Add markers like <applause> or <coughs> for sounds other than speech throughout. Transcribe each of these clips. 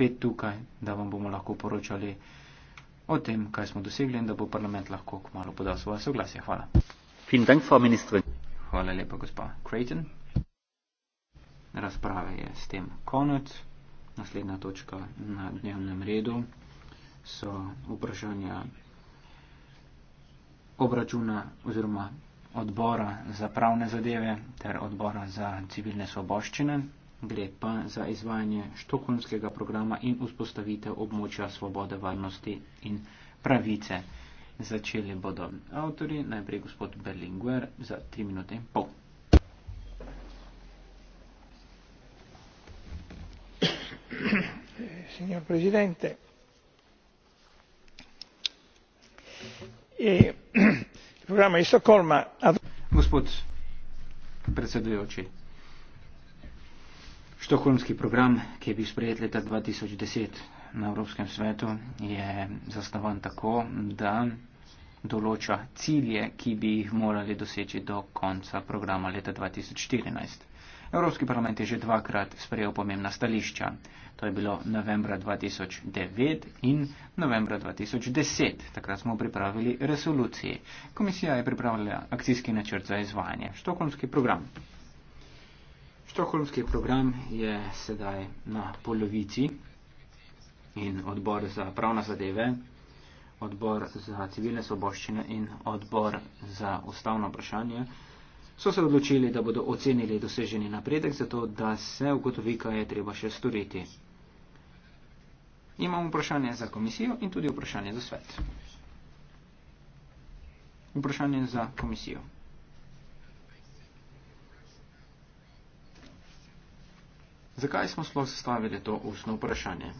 spet tukaj, da vam bomo lahko poročali o tem, kaj smo dosegli in da bo parlament lahko kmalo podal svoje soglasje. Hvala. Hvala lepa, gospa Creighton. Razprave je s tem konec. Naslednja točka na dnevnem redu so vprašanja obračuna oziroma odbora za pravne zadeve ter odbora za civilne svoboščine gre pa za izvajanje štokholmskega programa in vzpostavitev območja svobode, varnosti in pravice. Začeli bodo avtori, najprej gospod Berlinguer za tri minute in pol. <coughs> Signor Presidente, e, <coughs> il programma di Stoccolma... Ha... Gospod predsedujoči, Štokholmski program, ki je bil sprejet leta 2010 na Evropskem svetu, je zasnovan tako, da določa cilje, ki bi jih morali doseči do konca programa leta 2014. Evropski parlament je že dvakrat sprejel pomembna stališča. To je bilo novembra 2009 in novembra 2010. Takrat smo pripravili resoluciji. Komisija je pripravila akcijski načrt za izvajanje. Štokholmski program. Štokholmski program je sedaj na polovici in odbor za pravna zadeve, odbor za civilne soboščine in odbor za ustavno vprašanje so se odločili, da bodo ocenili doseženi napredek, zato da se ugotovi, kaj je treba še storiti. Imamo vprašanje za komisijo in tudi vprašanje za svet. Vprašanje za komisijo. Zakaj smo sploh zastavili to ustno vprašanje?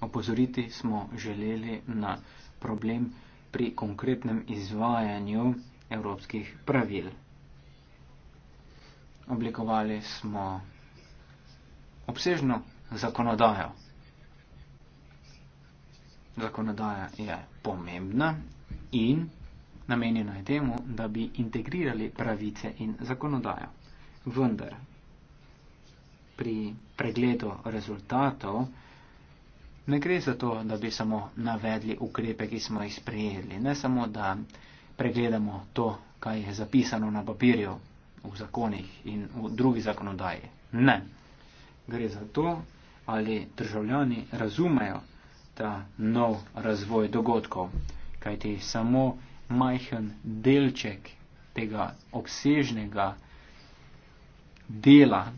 Opozoriti smo želeli na problem pri konkretnem izvajanju evropskih pravil. Oblikovali smo obsežno zakonodajo. Zakonodaja je pomembna in namenjena je temu, da bi integrirali pravice in zakonodajo vendar pri pregledu rezultatov ne gre za to, da bi samo navedli ukrepe, ki smo jih sprejeli, ne samo, da pregledamo to, kaj je zapisano na papirju v zakonih in v drugi zakonodaji. Ne. Gre za to, ali državljani razumejo ta nov razvoj dogodkov, kajti samo majhen delček tega obsežnega razvoja dela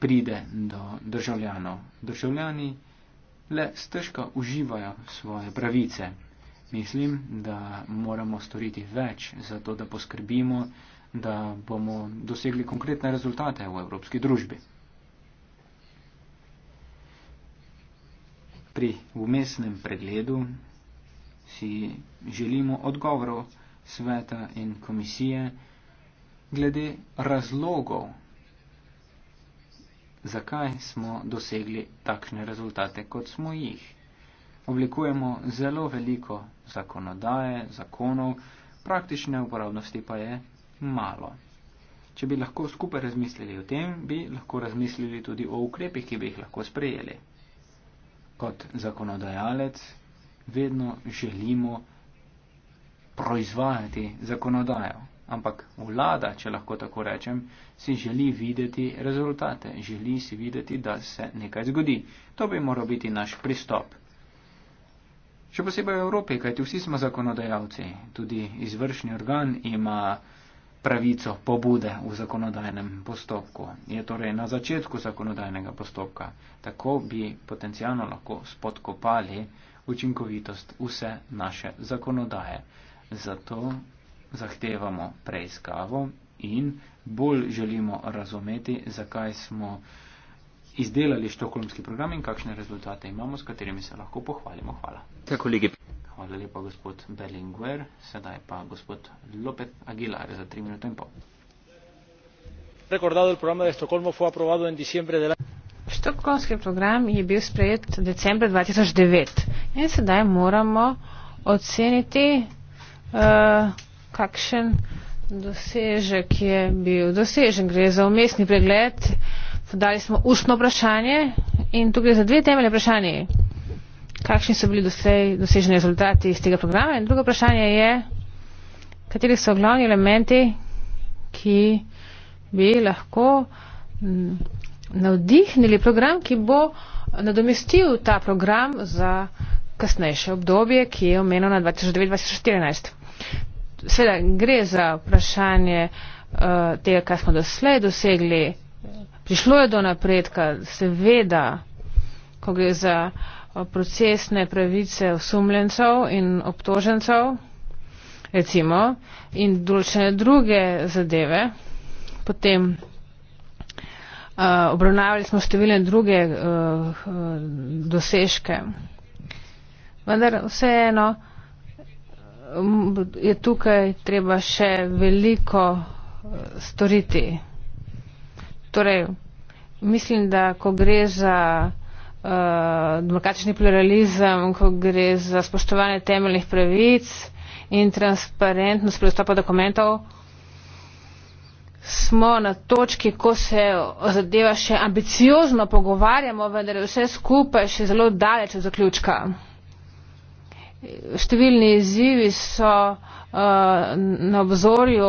pride do državljanov. Državljani le stežka uživajo svoje pravice. Mislim, da moramo storiti več za to, da poskrbimo, da bomo dosegli konkretne rezultate v evropski družbi. Pri umestnem pregledu si želimo odgovorov sveta in komisije glede razlogov zakaj smo dosegli takšne rezultate, kot smo jih. Oblikujemo zelo veliko zakonodaje, zakonov, praktične uporabnosti pa je malo. Če bi lahko skupaj razmislili o tem, bi lahko razmislili tudi o ukrepih, ki bi jih lahko sprejeli. Kot zakonodajalec vedno želimo proizvajati zakonodajo ampak vlada, če lahko tako rečem, si želi videti rezultate, želi si videti, da se nekaj zgodi. To bi moral biti naš pristop. Še posebej v Evropi, kajti vsi smo zakonodajalci, tudi izvršni organ ima pravico pobude v zakonodajnem postopku. Je torej na začetku zakonodajnega postopka. Tako bi potencijalno lahko spodkopali učinkovitost vse naše zakonodaje. Zato zahtevamo preiskavo in bolj želimo razumeti, zakaj smo izdelali štokholmski program in kakšne rezultate imamo, s katerimi se lahko pohvalimo. Hvala. Te ja, kolegi. Hvala lepa, gospod Bellinguer. Sedaj pa gospod Lopet Aguilar za tri minute in pol. Štokholmski program je bil sprejet decembra 2009 in sedaj moramo oceniti uh, kakšen dosežek je bil dosežen. Gre za umestni pregled. Podali smo ustno vprašanje in tu gre za dve temeljne vprašanje. Kakšni so bili doseženi rezultati iz tega programa? In drugo vprašanje je, kateri so glavni elementi, ki bi lahko navdihnili program, ki bo nadomestil ta program za kasnejše obdobje, ki je omenjeno na 2009-2014 seveda gre za vprašanje eh, tega, kaj smo doslej dosegli. Prišlo je do napredka, seveda, ko gre za eh, procesne pravice osumljencev in obtožencev, recimo, in določene druge zadeve. Potem uh, obravnavali smo številne druge uh, dosežke. Vendar vseeno je tukaj treba še veliko eh, storiti. Torej, mislim, da ko gre za uh, demokratični pluralizem, ko gre za spoštovanje temeljnih pravic in transparentnost predstopa dokumentov, smo na točki, ko se zadeva še ambiciozno pogovarjamo, vendar je vse skupaj še zelo daleč od zaključka. Številni izzivi so uh, na obzorju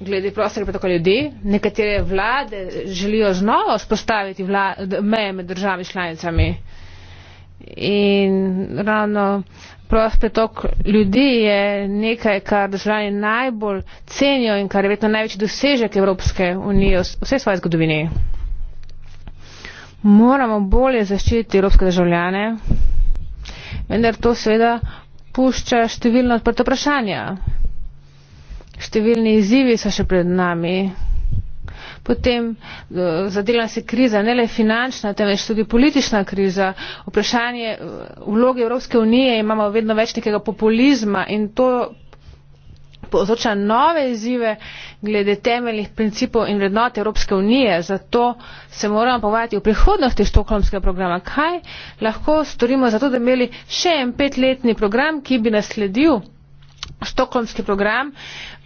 glede prostora pretoka ljudi. Nekatere vlade želijo znova spostaviti meje med državami članicami. In ravno prost pretok ljudi je nekaj, kar državljani najbolj cenijo in kar je vedno največji dosežek Evropske unije v vsej svoji zgodovini. Moramo bolje zaščititi evropske državljane, vendar to seveda pušča številna odprta vprašanja. Številni izzivi so še pred nami. Potem eh, zadela se kriza, ne le finančna, temveč tudi politična kriza. Vprašanje eh, vloge Evropske unije imamo vedno več nekega populizma in to povzroča nove izzive glede temeljnih principov in vrednot Evropske unije. Zato se moramo pogovarjati o prihodnosti štokholmskega programa. Kaj lahko storimo za to, da bi imeli še en petletni program, ki bi nasledil štokholmski program.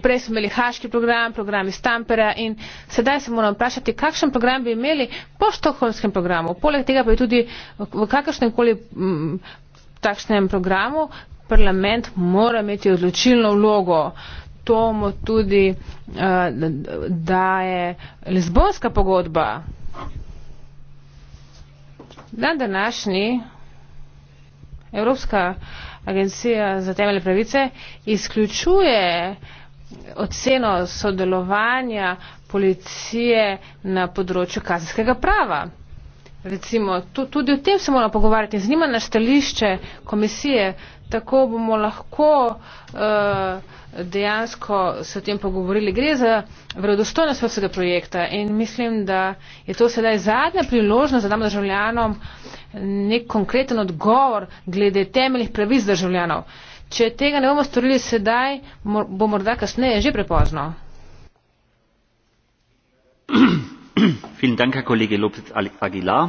Prej smo imeli haški program, program iz Tampera in sedaj se moramo vprašati, kakšen program bi imeli po štokholmskem programu. Poleg tega pa je tudi v kakršnem koli mm, takšnem programu, parlament mora imeti odločilno vlogo. To mu tudi uh, daje Lizbonska pogodba. Na današnji Evropska agencija za temeljne pravice izključuje oceno sodelovanja policije na področju kazenskega prava. Recimo, tudi o tem se moramo pogovarjati. Zanima nas stališče komisije tako bomo lahko uh, dejansko se o tem pogovorili. Gre za vredostojnost vsega projekta in mislim, da je to sedaj zadnja priložnost za nam državljanom nek konkreten odgovor glede temeljih pravic državljanov. Če tega ne bomo storili sedaj, mor bo morda kasneje že prepozno. Vielen Dank, Herr Kollege López Aguilar.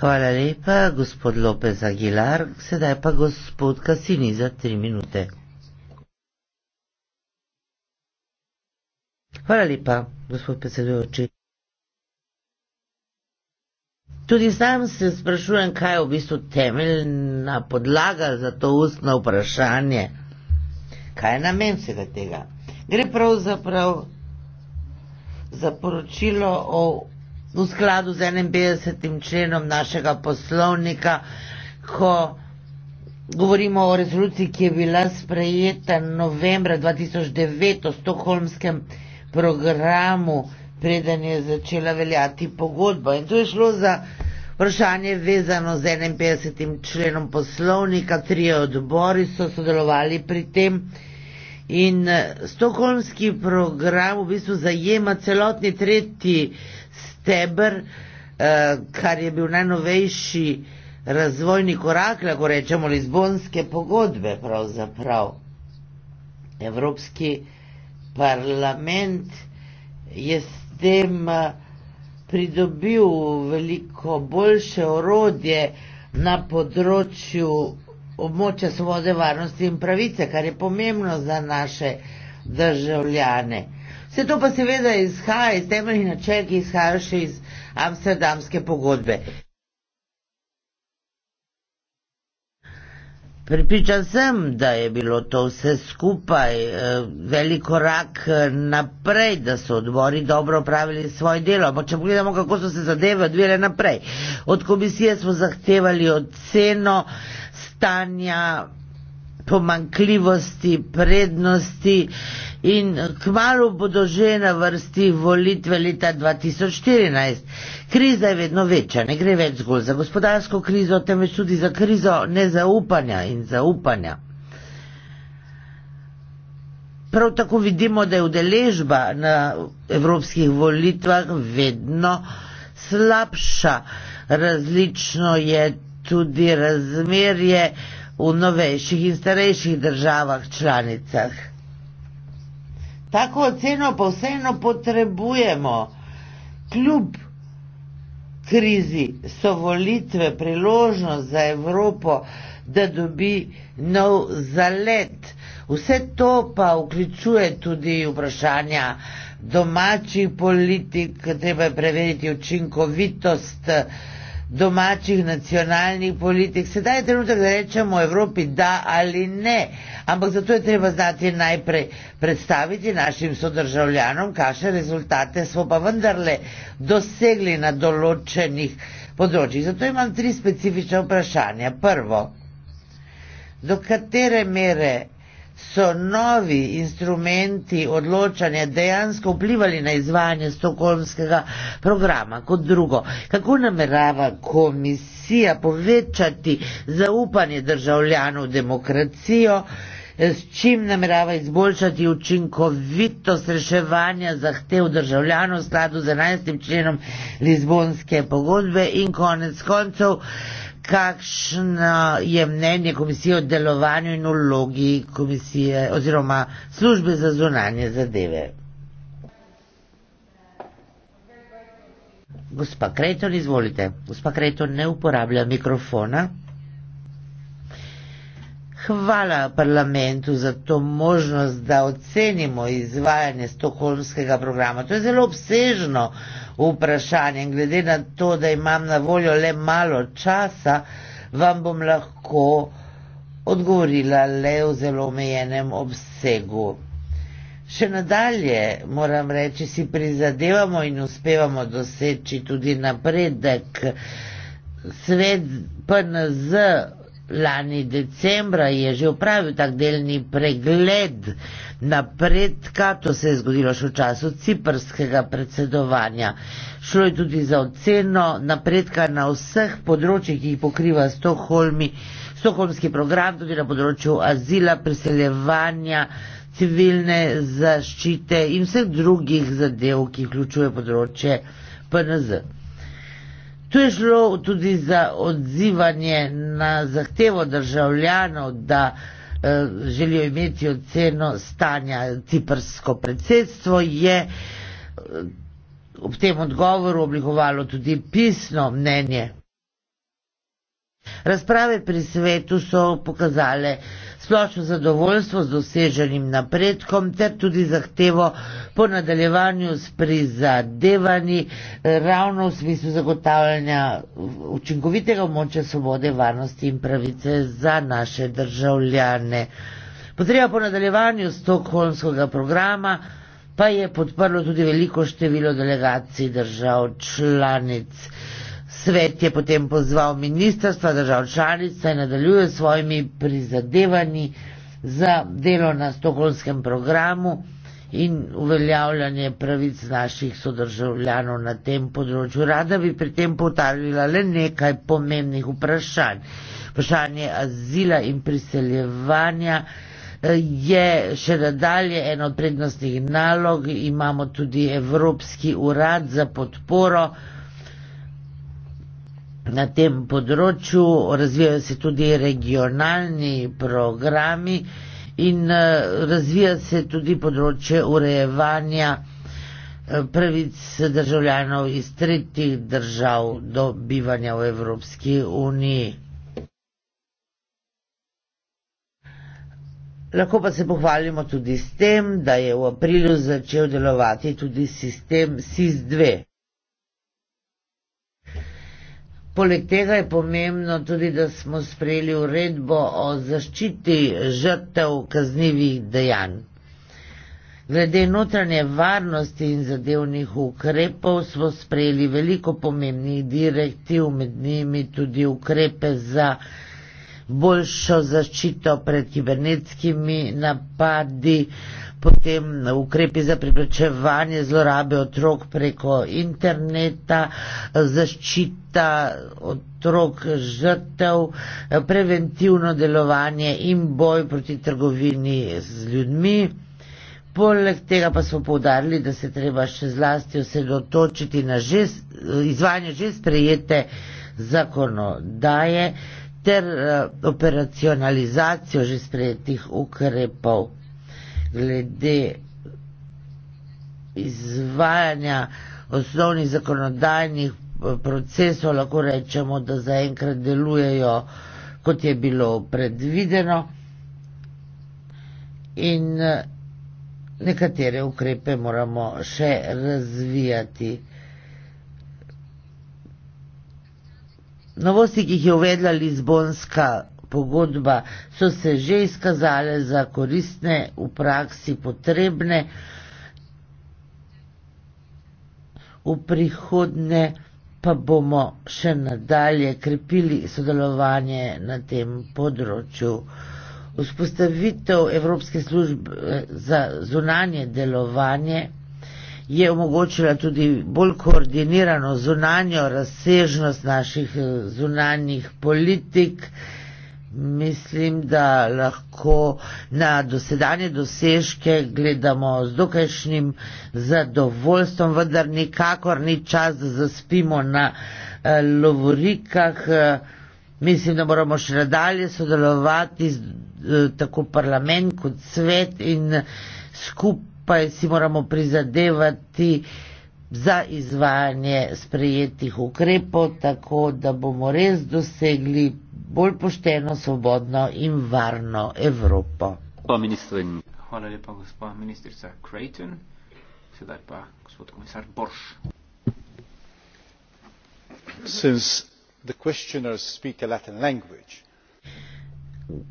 Hvala lepa, gospod Lopez Aguilar. Sedaj pa gospod Kasini za tri minute. Hvala lepa, gospod predsedujoči. Tudi sam se sprašujem, kaj je v bistvu temeljna podlaga za to ustno vprašanje. Kaj je namen vsega tega? Gre pravzaprav za poročilo o v skladu z 51. členom našega poslovnika, ko govorimo o rezoluciji, ki je bila sprejeta novembra 2009 o stokholmskem programu, preden je začela veljati pogodba. In tu je šlo za vprašanje vezano z 51. členom poslovnika, tri odbori so sodelovali pri tem. In stokholmski program v bistvu zajema celotni tretji stebr, eh, kar je bil najnovejši razvojni korak, lahko rečemo, Lizbonske pogodbe pravzaprav. Evropski parlament je s tem eh, pridobil veliko boljše orodje na področju območja svobode, varnosti in pravice, kar je pomembno za naše državljane. Vse to pa seveda izhaja iz temeljnih načel, ki izhajajo še iz amsterdamske pogodbe. Pripričan sem, da je bilo to vse skupaj eh, velik korak eh, naprej, da so odbori dobro opravili svoje delo. Ampak če pogledamo, kako so se zadeve odvijale naprej. Od komisije smo zahtevali oceno stanja pomankljivosti, prednosti in kmalo bodo že na vrsti volitve leta 2014. Kriza je vedno večja, ne gre več zgolj za gospodarsko krizo, temveč tudi za krizo nezaupanja in zaupanja. Prav tako vidimo, da je udeležba na evropskih volitvah vedno slabša. Različno je tudi razmerje v novejših in starejših državah članicah. Tako oceno pa vseeno potrebujemo. Kljub krizi so volitve priložnost za Evropo, da dobi nov zalet. Vse to pa vključuje tudi vprašanja domačih politik, treba je preveriti učinkovitost domačih nacionalnih politik. Sedaj je trenutek, da rečemo Evropi da ali ne, ampak zato je treba znati najprej predstaviti našim sodržavljanom, kakšne rezultate smo pa vendarle dosegli na določenih področjih. Zato imam tri specifične vprašanja. Prvo, do katere mere so novi instrumenti odločanja dejansko vplivali na izvajanje stokholmskega programa. Kot drugo, kako namerava komisija povečati zaupanje državljanov v demokracijo, s čim namerava izboljšati učinkovitost reševanja zahtev državljanov v skladu z 11. členom Lizbonske pogodbe in konec koncev kakšno je mnenje komisije o delovanju in vlogi komisije oziroma službe za zunanje zadeve. Gospa Kreton, izvolite. Gospa Kreton ne uporablja mikrofona. Hvala parlamentu za to možnost, da ocenimo izvajanje Stokholmskega programa. To je zelo obsežno vprašanje. Glede na to, da imam na voljo le malo časa, vam bom lahko odgovorila le v zelo omejenem obsegu. Še nadalje moram reči, si prizadevamo in uspevamo doseči tudi napredek. Svet PNZ lani decembra je že upravil tak delni pregled napredka, to se je zgodilo še v času ciprskega predsedovanja. Šlo je tudi za oceno napredka na vseh področjih, ki jih pokriva Stokholmi, Stokholmski program, tudi na področju azila, priseljevanja, civilne zaščite in vseh drugih zadev, ki vključuje področje PNZ. Tu je šlo tudi za odzivanje na zahtevo državljanov, da eh, želijo imeti oceno stanja. Ciprsko predsedstvo je eh, ob tem odgovoru oblikovalo tudi pisno mnenje Razprave pri svetu so pokazale splošno zadovoljstvo z doseženim napredkom ter tudi zahtevo po nadaljevanju s prizadevanji eh, ravno v smislu zagotavljanja eh, učinkovitega območja svobode, varnosti in pravice za naše državljane. Potreba po nadaljevanju stokholmskega programa pa je podprlo tudi veliko število delegacij držav članic. Svet je potem pozval ministrstva držav članic, saj nadaljuje svojimi prizadevanji za delo na stokholmskem programu in uveljavljanje pravic naših sodržavljanov na tem področju. Rada bi pri tem potarjala le nekaj pomembnih vprašanj. Vprašanje azila in priseljevanja eh, je še nadalje eno od prednostnih nalog. Imamo tudi Evropski urad za podporo Na tem področju razvijajo se tudi regionalni programi in eh, razvija se tudi področje urejevanja eh, pravic državljanov iz tretjih držav do bivanja v Evropski uniji. Lahko pa se pohvalimo tudi s tem, da je v aprilu začel delovati tudi sistem SIS-2. Poleg tega je pomembno tudi, da smo sprejeli uredbo o zaščiti žrtev kaznjivih dejanj. Glede notranje varnosti in zadevnih ukrepov smo sprejeli veliko pomembnih direktiv, med njimi tudi ukrepe za boljšo zaščito pred kibernetskimi napadi, potem ukrepi za priprečevanje zlorabe otrok preko interneta, zaščita otrok žrtev, preventivno delovanje in boj proti trgovini z ljudmi. Poleg tega pa smo povdarili, da se treba še zlasti osredotočiti na že, izvajanje že sprejete zakonodaje ter eh, operacionalizacijo že sprejetih ukrepov glede izvajanja osnovnih zakonodajnih eh, procesov, lahko rečemo, da zaenkrat delujejo, kot je bilo predvideno. In eh, nekatere ukrepe moramo še razvijati. Novosti, ki jih je uvedla Lizbonska pogodba so se že izkazale za koristne v praksi potrebne v prihodne pa bomo še nadalje krepili sodelovanje na tem področju. Vzpostavitev Evropske službe eh, za zunanje delovanje je omogočila tudi bolj koordinirano zunanjo razsežnost naših eh, zunanjih politik mislim, da lahko na dosedanje dosežke gledamo z dokajšnjim zadovoljstvom, vendar nikakor ni čas, da zaspimo na eh, lovorikah. Eh, mislim, da moramo še nadalje sodelovati z, eh, tako parlament kot svet in skupaj si moramo prizadevati za izvajanje sprejetih ukrepov, tako da bomo res dosegli bolj pošteno, svobodno in varno Evropo. Hvala lepa, gospa ministrica Creighton. Sedaj pa gospod komisar Borš. Language,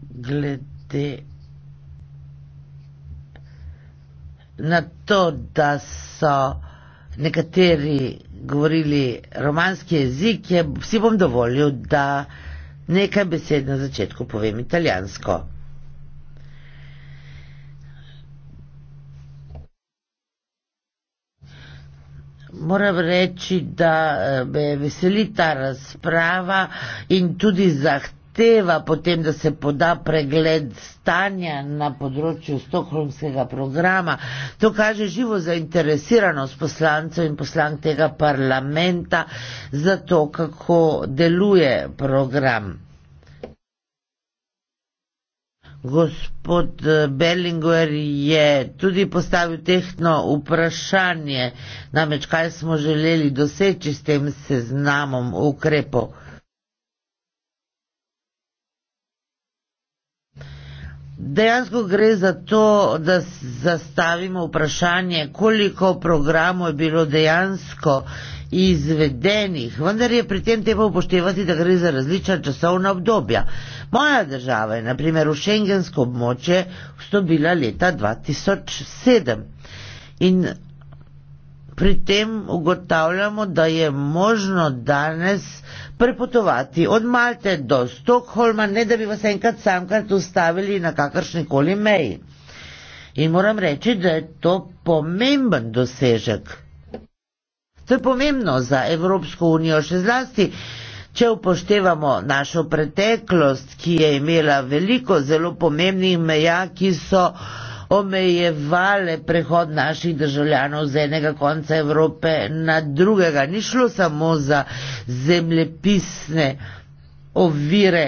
Glede na to, da so nekateri govorili romanski jezik, je, si bom dovolil, da Nekaj besed na začetku povem italijansko. Moram reči, da eh, me veseli ta razprava in tudi zahteva zahteva potem, da se poda pregled stanja na področju stokholmskega programa. To kaže živo zainteresiranost poslancev in poslank tega parlamenta za to, kako deluje program. Gospod eh, Bellinger je tudi postavil tehno vprašanje, namreč kaj smo želeli doseči s tem seznamom ukrepov. Dejansko gre za to, da zastavimo vprašanje, koliko programov je bilo dejansko izvedenih, vendar je pri tem treba upoštevati, da gre za različna časovna obdobja. Moja država je, na primer, v šengensko območje vstopila leta 2007 in pri tem ugotavljamo, da je možno danes prepotovati od Malte do Stokholma, ne da bi vas enkrat samkrat ustavili na kakršni koli meji. In moram reči, da je to pomemben dosežek. To je pomembno za Evropsko unijo, še zlasti, če upoštevamo našo preteklost, ki je imela veliko zelo pomembnih meja, ki so omejevale prehod naših državljanov z enega konca Evrope na drugega. Ni šlo samo za zemljepisne ovire,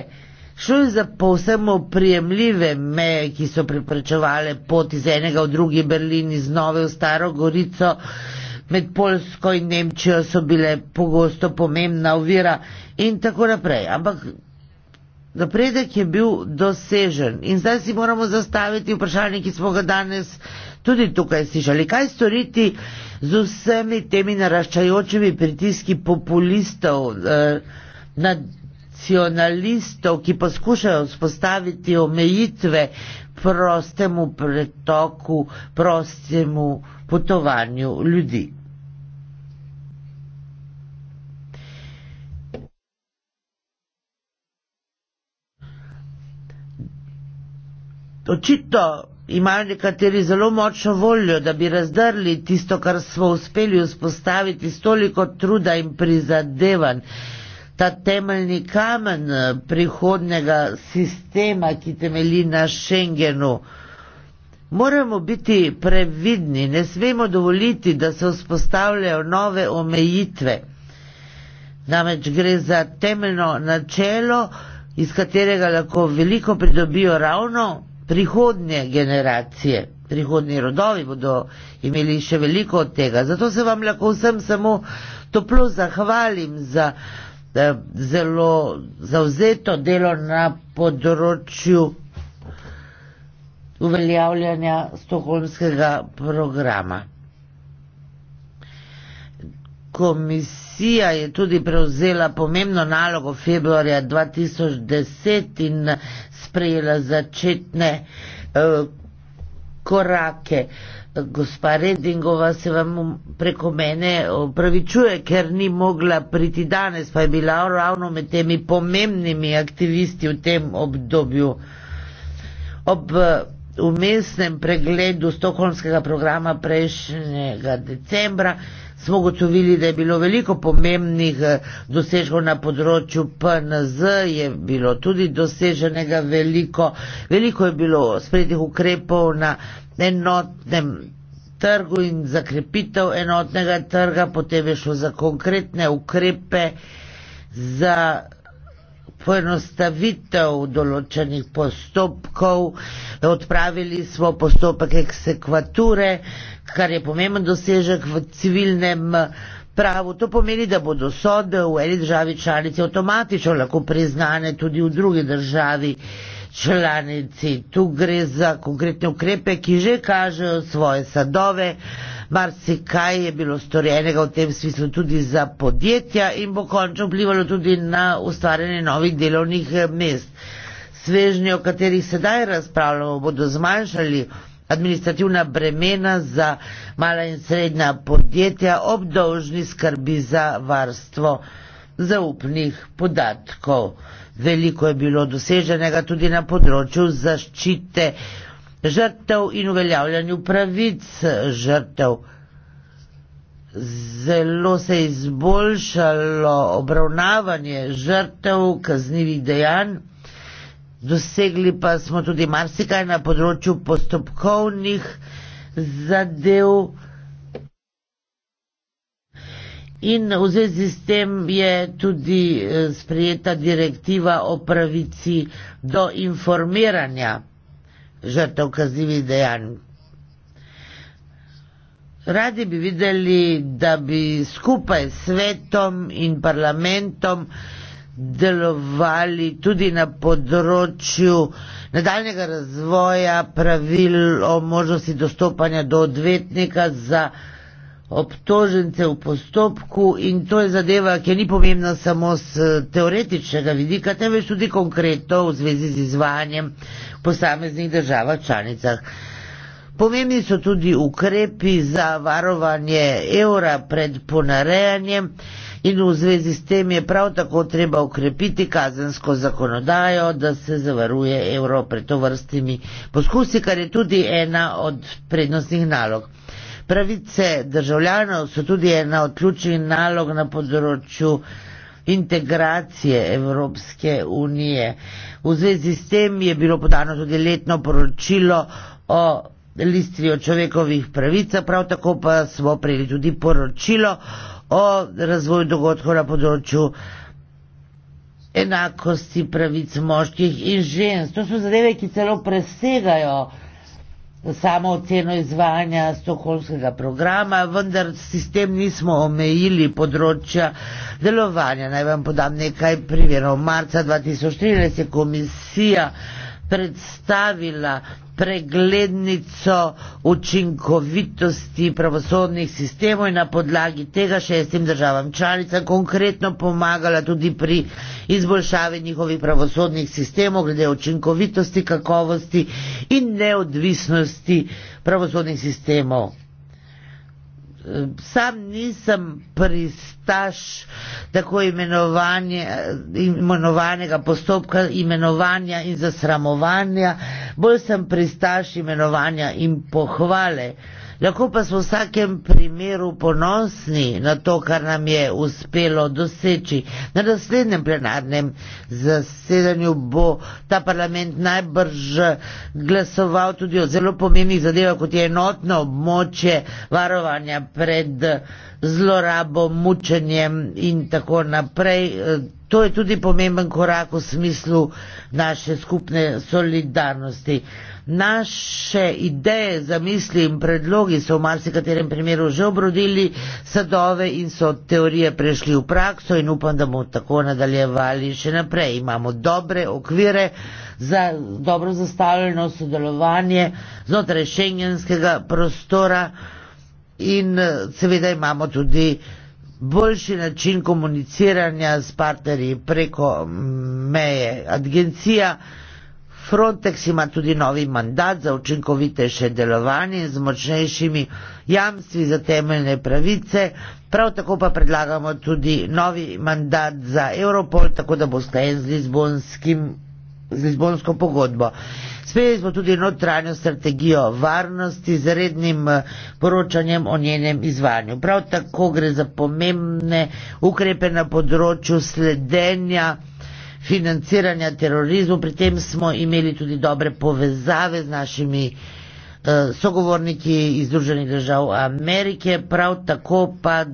šlo je za povsem oprijemljive meje, ki so preprečevale pot iz enega v drugi Berlin, iz Nove v Staro Gorico. Med Polsko in Nemčijo so bile pogosto pomembna ovira in tako naprej. Ampak napredek je bil dosežen in zdaj si moramo zastaviti vprašanje, ki smo ga danes tudi tukaj slišali. Kaj storiti z vsemi temi naraščajočimi pritiski populistov, eh, nacionalistov, ki poskušajo spostaviti omejitve prostemu pretoku, prostemu potovanju ljudi? očitno imajo nekateri zelo močno voljo, da bi razdrli tisto, kar smo uspeli vzpostaviti s toliko truda in prizadevanj. Ta temeljni kamen eh, prihodnega sistema, ki temelji na Schengenu, moramo biti previdni, ne smemo dovoliti, da se vzpostavljajo nove omejitve. Namreč gre za temeljno načelo, iz katerega lahko veliko pridobijo ravno prihodnje generacije, prihodnji rodovi bodo imeli še veliko od tega. Zato se vam lahko vsem samo toplo zahvalim za eh, zelo zauzeto delo na področju uveljavljanja stokholmskega programa. Komisija je tudi prevzela pomembno nalogo februarja 2010 in sprejela začetne eh, korake. Gospa Redingova se vam um, preko mene opravičuje, ker ni mogla priti danes, pa je bila ravno med temi pomembnimi aktivisti v tem obdobju. Ob umestnem eh, pregledu stokholmskega programa prejšnjega decembra smo gotovili, da je bilo veliko pomembnih eh, dosežkov na področju PNZ, je bilo tudi doseženega veliko, veliko je bilo sprednjih ukrepov na enotnem trgu in zakrepitev enotnega trga, potem je šlo za konkretne ukrepe, za poenostavitev določenih postopkov, odpravili smo postopek eksekvature, kar je pomemben dosežek v civilnem eh, pravu. To pomeni, da bodo sodbe v eni državi članici avtomatično lahko priznane tudi v drugi državi članici. Tu gre za konkretne ukrepe, ki že kažejo svoje sadove marsikaj je bilo storjenega v tem smislu tudi za podjetja in bo končno vplivalo tudi na ustvarjanje novih delovnih eh, mest. Svežnje, o katerih sedaj razpravljamo, bodo zmanjšali administrativna bremena za mala in srednja podjetja ob dolžni skrbi za varstvo zaupnih podatkov. Veliko je bilo doseženega tudi na področju zaščite žrtev in uveljavljanju pravic žrtev. Zelo se je izboljšalo obravnavanje žrtev kaznjivih dejanj, dosegli pa smo tudi marsikaj na področju postopkovnih zadev. In v zvezi s tem je tudi eh, sprejeta direktiva o pravici do informiranja žrtev kaznjivih dejanj. Radi bi videli, da bi skupaj s svetom in parlamentom delovali tudi na področju nadaljnega razvoja pravil o možnosti dostopanja do odvetnika za odvetnika obtožence v postopku in to je zadeva, ki ni pomembna samo z eh, teoretičnega vidika, temveč tudi konkretno v zvezi z izvajanjem v posameznih državah članicah. Pomembni so tudi ukrepi za varovanje evra pred ponarejanjem in v zvezi s tem je prav tako treba ukrepiti kazensko zakonodajo, da se zavaruje evro pred to vrstimi poskusi, kar je tudi ena od prednostnih nalog pravice državljanov so tudi ena od ključnih nalog na področju integracije Evropske unije. V zvezi s tem je bilo podano tudi letno poročilo o listri o človekovih pravicah, prav tako pa smo prejeli tudi poročilo o razvoju dogodkov na področju enakosti pravic moških in žensk. To so zadeve, ki celo presegajo samo oceno izvajanja stokholmskega programa, vendar sistem nismo omejili področja delovanja. Naj vam podam nekaj primerov. Marca 2013 je komisija predstavila preglednico učinkovitosti pravosodnih sistemov in na podlagi tega šestim državam članicam konkretno pomagala tudi pri izboljšavi njihovih pravosodnih sistemov glede učinkovitosti, kakovosti in neodvisnosti pravosodnih sistemov. Sam nisem pristopil staž tako eh, imenovanega postopka imenovanja in zasramovanja, bolj sem pristaž imenovanja in pohvale. Lahko pa smo v vsakem primeru ponosni na to, kar nam je uspelo doseči. Na naslednjem plenarnem zasedanju bo ta parlament najbrž glasoval tudi o zelo pomembnih zadevah, kot je enotno območje varovanja pred zlorabo, mučenjem in tako naprej. E, to je tudi pomemben korak v smislu naše skupne solidarnosti. Naše ideje, zamisli in predlogi so v marsikaterem primeru že obrodili sadove in so teorije prešli v prakso in upam, da bomo tako nadaljevali še naprej. Imamo dobre okvire za dobro zastavljeno sodelovanje znotraj šengenskega prostora in eh, seveda imamo tudi boljši način komuniciranja s partnerji preko mm, meje. Agencija Frontex ima tudi novi mandat za učinkovitejše delovanje z močnejšimi jamstvi za temeljne pravice, prav tako pa predlagamo tudi novi mandat za Europol, tako da bo sklen z, z Lizbonsko pogodbo. Sprejeli smo tudi notranjo strategijo varnosti z rednim eh, poročanjem o njenem izvajanju. Prav tako gre za pomembne ukrepe na področju sledenja financiranja terorizmu. Pri tem smo imeli tudi dobre povezave z našimi Eh, sogovorniki iz Združenih držav Amerike, prav tako pa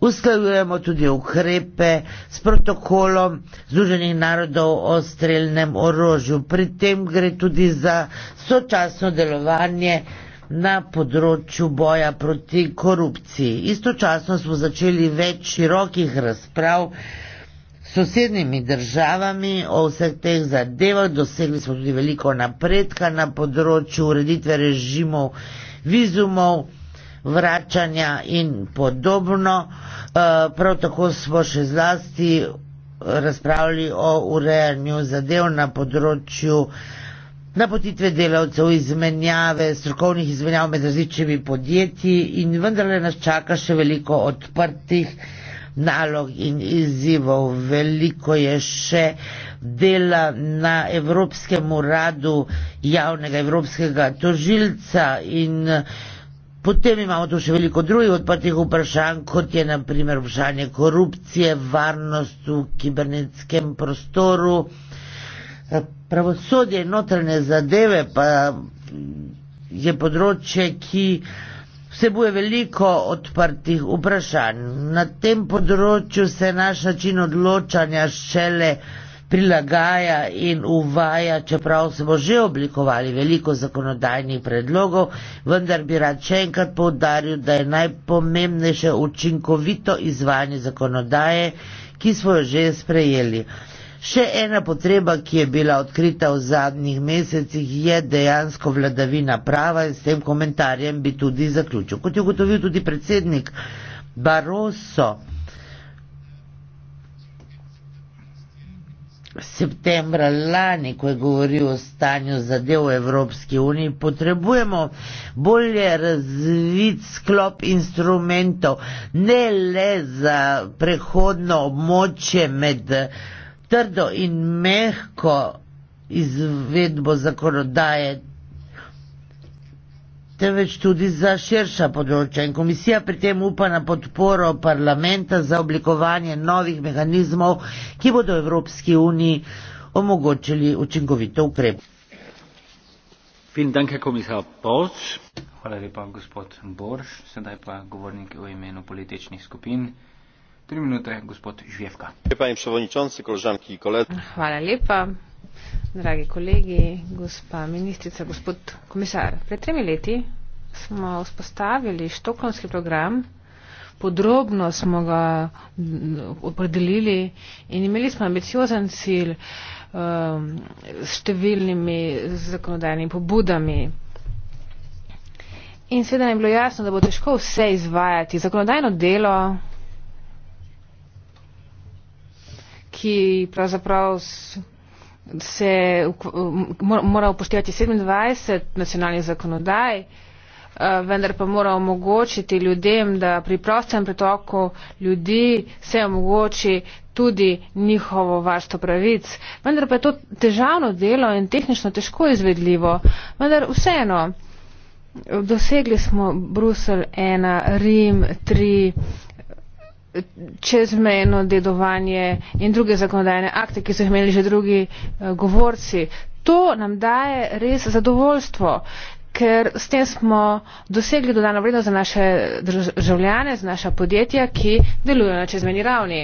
usklajujemo tudi ukrepe s protokolom Združenih narodov o streljnem orožju. Pri tem gre tudi za sočasno delovanje na področju boja proti korupciji. Istočasno smo začeli več širokih razprav sosednjimi državami o vseh teh zadevah, dosegli smo tudi veliko napredka na področju ureditve režimov, vizumov, vračanja in podobno. Eh, prav tako smo še zlasti razpravljali o urejanju zadev na področju napotitve delavcev, izmenjave, strokovnih izmenjav med različnimi podjetji in vendarle nas čaka še veliko odprtih nalog in izzivov. Veliko je še dela na Evropskem uradu javnega evropskega tožilca in eh, potem imamo tu še veliko drugih odprtih vprašanj, kot je naprimer vprašanje korupcije, varnost v kibernetskem prostoru, eh, pravosodje in notranje zadeve pa je področje, ki vsebuje veliko odprtih vprašanj. Na tem področju se naš način odločanja šele prilagaja in uvaja, čeprav smo že oblikovali veliko zakonodajnih predlogov, vendar bi rad še enkrat povdaril, da je najpomembnejše učinkovito izvajanje zakonodaje, ki smo jo že sprejeli. Še ena potreba, ki je bila odkrita v zadnjih mesecih, je dejansko vladavina prava in s tem komentarjem bi tudi zaključil. Kot je ugotovil tudi predsednik Barroso, septembra lani, ko je govoril o stanju zadev v Evropski uniji, potrebujemo bolje razvit sklop instrumentov, ne le za prehodno območje med uh, trdo in mehko izvedbo zakonodaje, temveč tudi za širša področja. In komisija pri tem upa na podporo parlamenta za oblikovanje novih mehanizmov, ki bodo Evropski uniji omogočili učinkovito ukrep. Dank, Hvala lepa, gospod Borš. Sedaj pa govornik v imenu političnih skupin pani przewodnicząca koleżanki i koledzy! Hvala lepa, dragi kolegi, gospa ministrica, gospod komisar. Pred tremi leti smo vzpostavili štokholmski program, podrobno smo ga mm, opredelili in imeli smo ambiciozen cilj um, s številnimi zakonodajnimi pobudami. In seveda je bilo jasno, da bo težko vse izvajati. Zakonodajno delo ki pravzaprav se mora upoštevati 27 nacionalnih zakonodaj, eh, vendar pa mora omogočiti ljudem, da pri prostem pretoku ljudi se omogoči tudi njihovo varstvo pravic. Vendar pa je to težavno delo in tehnično težko izvedljivo. Vendar vseeno, dosegli smo Brusel 1, Rim 3, čezmejno dedovanje in druge zakonodajne akte, ki so jih imeli že drugi eh, govorci. To nam daje res zadovoljstvo, ker s tem smo dosegli dodano vredno za naše državljane, za naša podjetja, ki delujejo na čezmejni ravni.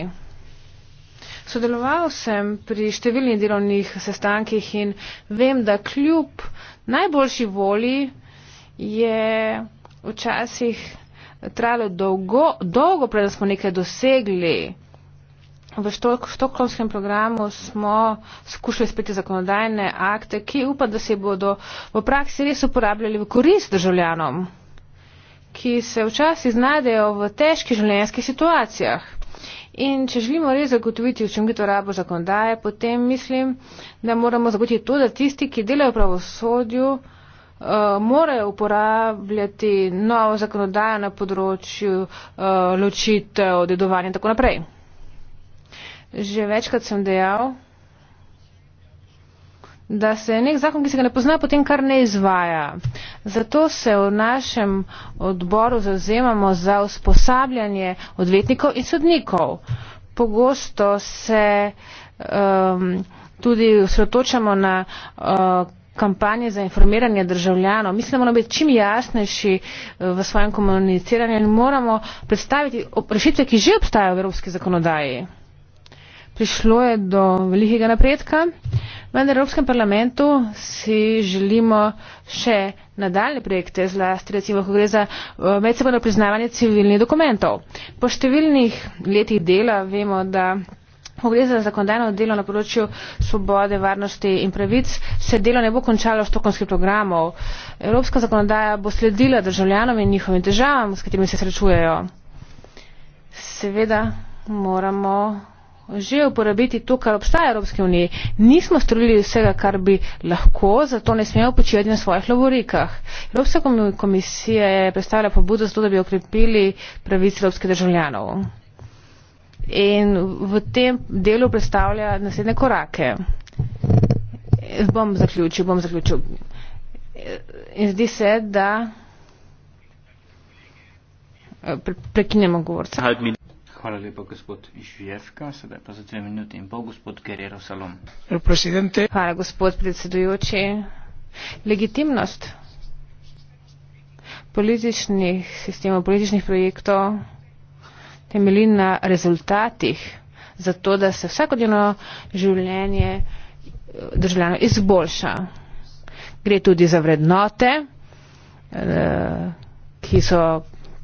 Sodeloval sem pri številnih delovnih sestankih in vem, da kljub najboljši volji je včasih trajalo dolgo, dolgo preden smo nekaj dosegli. V štokholmskem programu smo skušali spet zakonodajne akte, ki upam, da se bodo v praksi res uporabljali v korist državljanom, ki se včasih znajdejo v težkih življenjskih situacijah. In če želimo res zagotoviti učinkovito rabo zakonodaje, potem mislim, da moramo zagotoviti to, da tisti, ki delajo v pravosodju, Eh, morajo uporabljati novo zakonodajo na področju eh, ločitev, dedovanja in tako naprej. Že večkrat sem dejal, da se nek zakon, ki se ga ne pozna, potem kar ne izvaja. Zato se v našem odboru zauzemamo za usposabljanje odvetnikov in sodnikov. Pogosto se um, tudi osredotočamo na uh, kampanje za informiranje državljanov. Mislim, da moramo biti čim jasnejši eh, v svojem komuniciranju in moramo predstaviti rešitve, ki že obstajajo v evropski zakonodaji. Prišlo je do velikega napredka, vendar v Evropskem parlamentu si želimo še nadaljne projekte, zlasti recimo, ko gre za eh, medsebojno priznavanje civilnih dokumentov. Po številnih letih dela vemo, da gre za zakonodajno delo na področju svobode, varnosti in pravic, se delo ne bo končalo v stokonskih programov. Evropska zakonodaja bo sledila državljanom in njihovim težavam, s katerimi se srečujejo. Seveda moramo že uporabiti to, kar obstaja v Evropski uniji. Nismo storili vsega, kar bi lahko, zato ne smemo počivati na svojih laborikah. Evropska komisija je predstavila pobudo za to, da bi okrepili pravice evropskih državljanov in v tem delu predstavlja naslednje korake. Bom zaključil, bom zaključil. In zdi se, da eh, pre, prekinemo govorca. Hvala lepa, gospod Žujevka. Sedaj pa za tri minute in pol, gospod Gerero Salom. Hvala, gospod predsedujoči. Legitimnost političnih sistemov, političnih projektov temelji na rezultatih, zato da se vsakodnevno življenje eh, državljanov izboljša. Gre tudi za vrednote, eh, ki so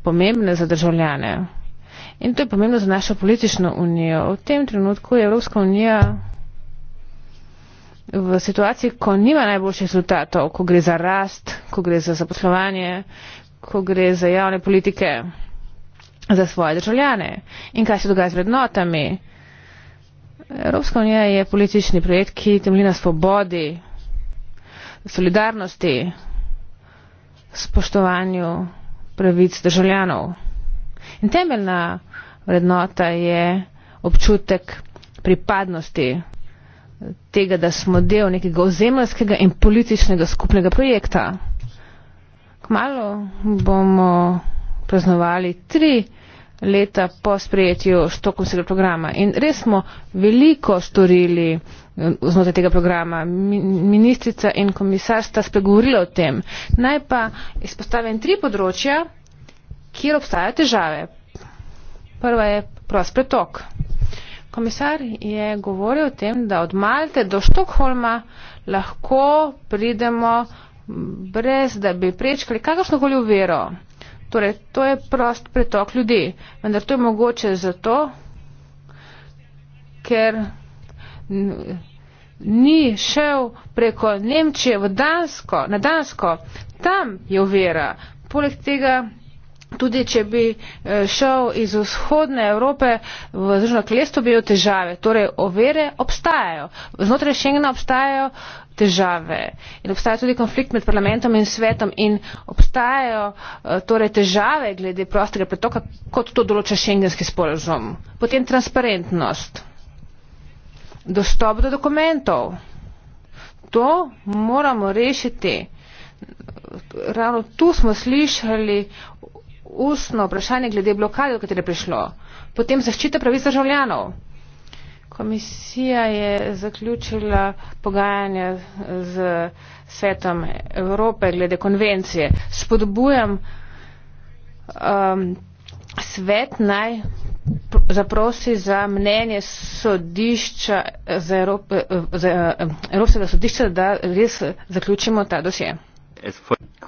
pomembne za državljane. In to je pomembno za našo politično unijo. V tem trenutku je Evropska unija v situaciji, ko nima najboljših rezultatov, ko gre za rast, ko gre za zaposlovanje, ko gre za javne politike za svoje državljane in kaj se dogaja z vrednotami. Evropska unija je politični projekt, ki temelji na svobodi, solidarnosti, spoštovanju pravic državljanov. In temeljna vrednota je občutek pripadnosti tega, da smo del nekega ozemljskega in političnega skupnega projekta. Kmalo bomo praznovali tri leta po sprejetju Štokomskega programa. In res smo veliko storili eh, znotraj tega programa. Ministrica in komisar sta spregovorila o tem. Naj pa izpostavim tri področja, kjer obstajajo težave. Prva je prost pretok. Komisar je govoril o tem, da od Malte do Štokholma lahko pridemo brez, da bi prečkali kakršnokoli uvero. Torej, to je prost pretok ljudi, vendar to je mogoče zato, ker ni šel preko Nemčije v Dansko, na Dansko. Tam je uvera. Poleg tega, tudi če bi eh, šel iz vzhodne Evrope v Združeno kraljestvo, bi bile težave. Torej, ovire obstajajo. Znotraj Schengena obstajajo uh, težave. In obstaja tudi konflikt med parlamentom in svetom in obstajajo eh, torej težave glede prostega pretoka, kot to določa šengenski sporozum. Potem transparentnost. Dostop do dokumentov. To moramo rešiti. Ravno tu smo slišali ustno vprašanje glede blokade, v kateri je prišlo. Potem zaščita pravic državljanov. Komisija je zaključila pogajanja z svetom Evrope glede konvencije. Spodbujam um, svet naj zaprosi za mnenje sodišča, za Evrope, za um, Evropskega sodišča, da res zaključimo ta dosje.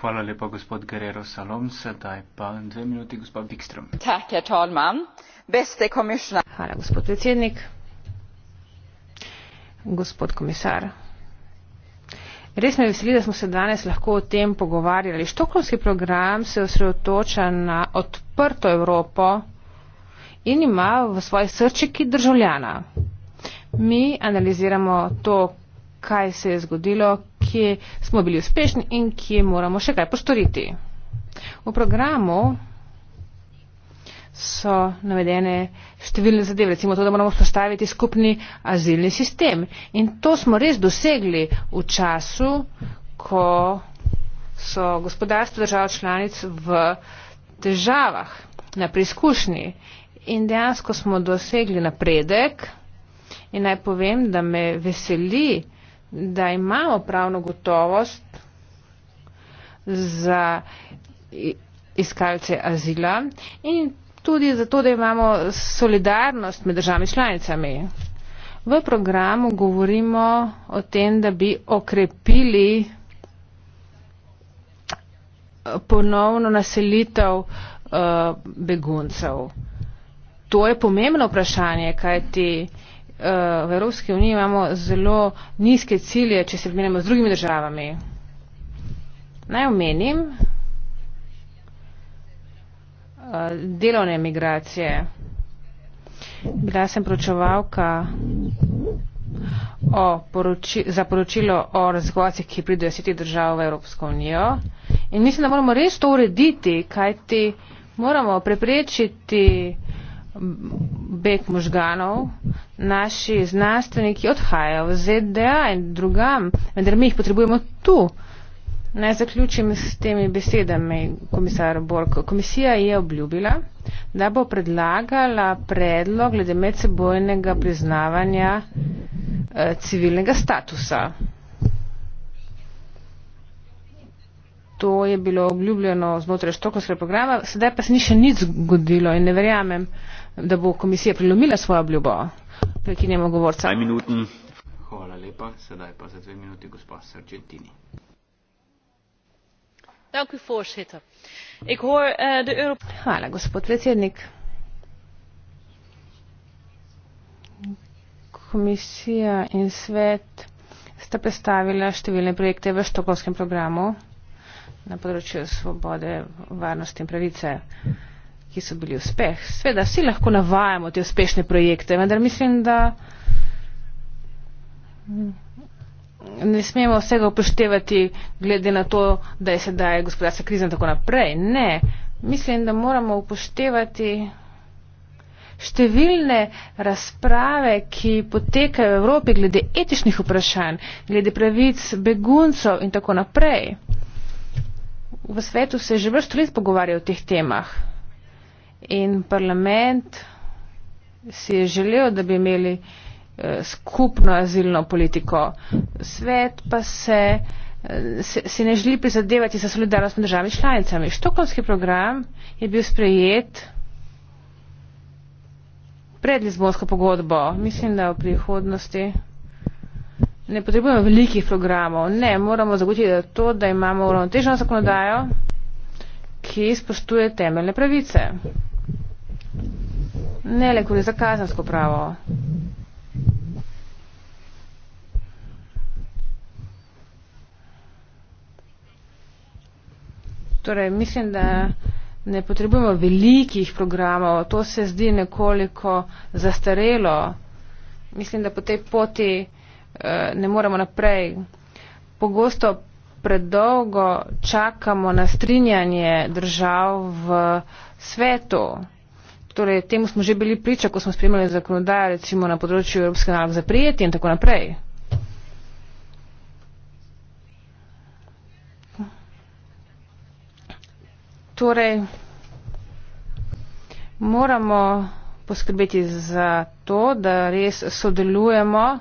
Hvala lepa, gospod Guerrero Salom. Sedaj pa dve minuti, gospod Wikström. Tak je, ja, tolman. Beste komisar. Hvala, gospod predsednik gospod komisar. Res me veseli, da smo se danes lahko o tem pogovarjali. Štokholmski program se osredotoča na odprto Evropo in ima v svoji srčiki državljana. Mi analiziramo to, kaj se je zgodilo, kje smo bili uspešni in kje moramo še kaj postoriti. V programu so navedene številne zadeve, recimo to, da moramo vzpostaviti skupni azilni sistem. In to smo res dosegli v času, ko so gospodarstvo držav članic v težavah na preizkušnji. In dejansko smo dosegli napredek in naj povem, da me veseli, da imamo pravno gotovost za iskalce azila in tudi zato, da imamo solidarnost med državami članicami. V programu govorimo o tem, da bi okrepili ponovno naselitev uh, beguncev. To je pomembno vprašanje, kajti uh, v Evropski uniji imamo zelo nizke cilje, če se primerjamo z drugimi državami. Naj omenim, Eh, delovne migracije. Bila sem pročevalka poroči, za poročilo o razgovacih, ki pridejo iz svetih držav v Evropsko unijo. In mislim, da moramo res to urediti, kajti moramo preprečiti beg možganov. Naši znanstveniki odhajajo v ZDA in drugam, vendar mi jih potrebujemo tu. Uh, Naj zaključim s temi besedami, komisar Bork. Komisija je obljubila, da bo predlagala predlog glede medsebojnega priznavanja eh, civilnega statusa. To je bilo obljubljeno znotraj štokovskega programa, sedaj pa se ni še nic zgodilo in ne verjamem, da bo komisija prilomila svojo obljubo. Prekinjamo govorca. Hvala lepa, sedaj pa za dve minuti gospod Sergentini voorzitter ik hoor eh, de europese commissie en svet sta predstavila številne projekte v stockholmskem programu na področju svobode varnosti in pravice ki so bili uspeh. seveda vsi lahko navajamo te uspešne projekte vendar mislim da ne smemo vsega upoštevati glede na to, da je sedaj gospodarska kriza in tako naprej. Ne, mislim, da moramo upoštevati številne razprave, ki potekajo v Evropi glede etičnih vprašanj, glede pravic beguncev in tako naprej. V svetu se že vrsto let pogovarja o teh temah in parlament si je želel, da bi imeli Eh, skupno azilno politiko. Svet pa se, eh, se, se ne želi prizadevati za solidarnost med državami članicami. Štokholmski program je bil sprejet pred Lizbonsko pogodbo. Mislim, da v prihodnosti ne potrebujemo velikih programov. Ne, moramo zagotiti to, da imamo uravnotežno zakonodajo, ki spoštuje temeljne pravice. Ne le kuri za kazansko pravo. Torej, mislim, da ne potrebujemo velikih programov. To se zdi nekoliko zastarelo. Mislim, da po tej poti eh, ne moremo naprej. Pogosto predolgo čakamo na strinjanje držav v svetu. Torej, temu smo že bili priča, ko smo spremljali zakonodaje, recimo na področju Evropske nalog za prijetje in tako naprej. Torej, moramo poskrbeti za to, da res sodelujemo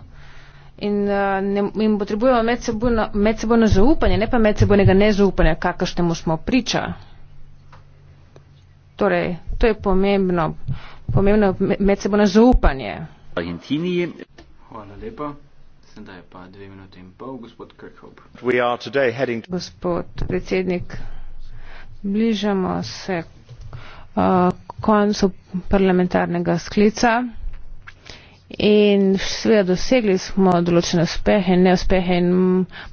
in, eh, ne, in potrebujemo medsebojno, medsebojno zaupanje, ne pa medsebojnega nezaupanja, kakršnemu smo priča. Torej, to je pomembno, pomembno medsebojno zaupanje. Argentiniji. Hvala lepa. Sedaj pa dve minuti in pol, gospod Kirkhope. Gospod predsednik. Bližamo se uh, koncu parlamentarnega sklica in sveda dosegli smo določene uspehe in neuspehe in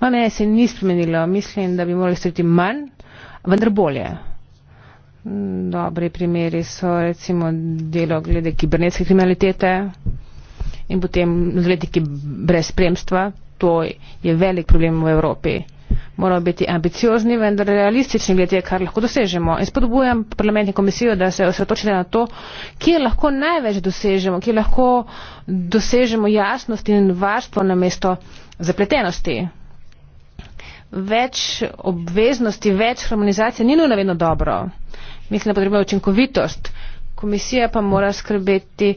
mene se ni spremenilo. Mislim, da bi morali streti manj, vendar bolje. Dobri primeri so recimo delo glede kibernetske kriminalitete in potem glede brez spremstva. To je velik problem v Evropi moramo biti ambiciozni, vendar realistični glede, kar lahko dosežemo. In spodbujam parlament in komisijo, da se osredotočite na to, kje lahko največ dosežemo, kje lahko dosežemo jasnost in varstvo na mesto zapletenosti. Več obveznosti, več harmonizacije ni nujno vedno dobro. Mislim, da potrebujemo učinkovitost. Komisija pa mora skrbeti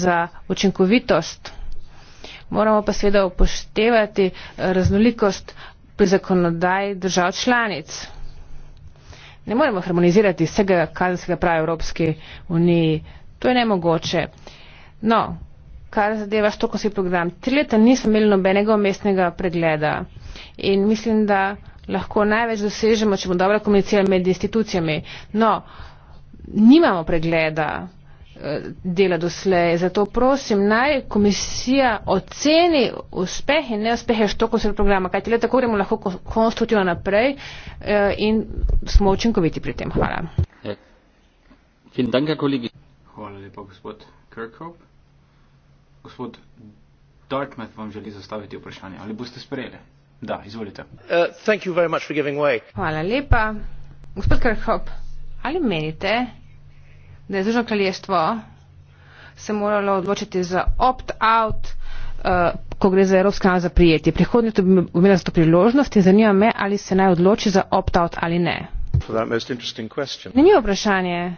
za učinkovitost. Moramo pa seveda upoštevati raznolikost pri zakonodaji držav članic. Ne moremo harmonizirati vsega kazenskega prava Evropske unije. To je nemogoče. No, kar zadeva štokovski program. Tri leta nismo imeli nobenega umestnega pregleda in mislim, da lahko največ dosežemo, če bomo dobro komunicirali med institucijami. No, nimamo pregleda, dela doslej. Zato prosim, naj komisija oceni uspehe in neuspehe štokholmskega programa, kajti le tako gremo lahko konstruktivno naprej eh, in smo učinkoviti pri tem. Hvala. Ja. Hvala lepa, gospod Kirkhope. Gospod Dartmouth vam želi zastaviti vprašanje. Ali boste sprejeli? Da, izvolite. Uh, Hvala lepa. Gospod Kirkhope, ali menite, da je Združeno kraljestvo se moralo odločiti za opt-out, uh, ko gre za Evropski kanal za prijetje. Prihodnje to bi imela za to priložnost in zanima me, ali se naj odloči za opt-out ali ne. Ni vprašanje.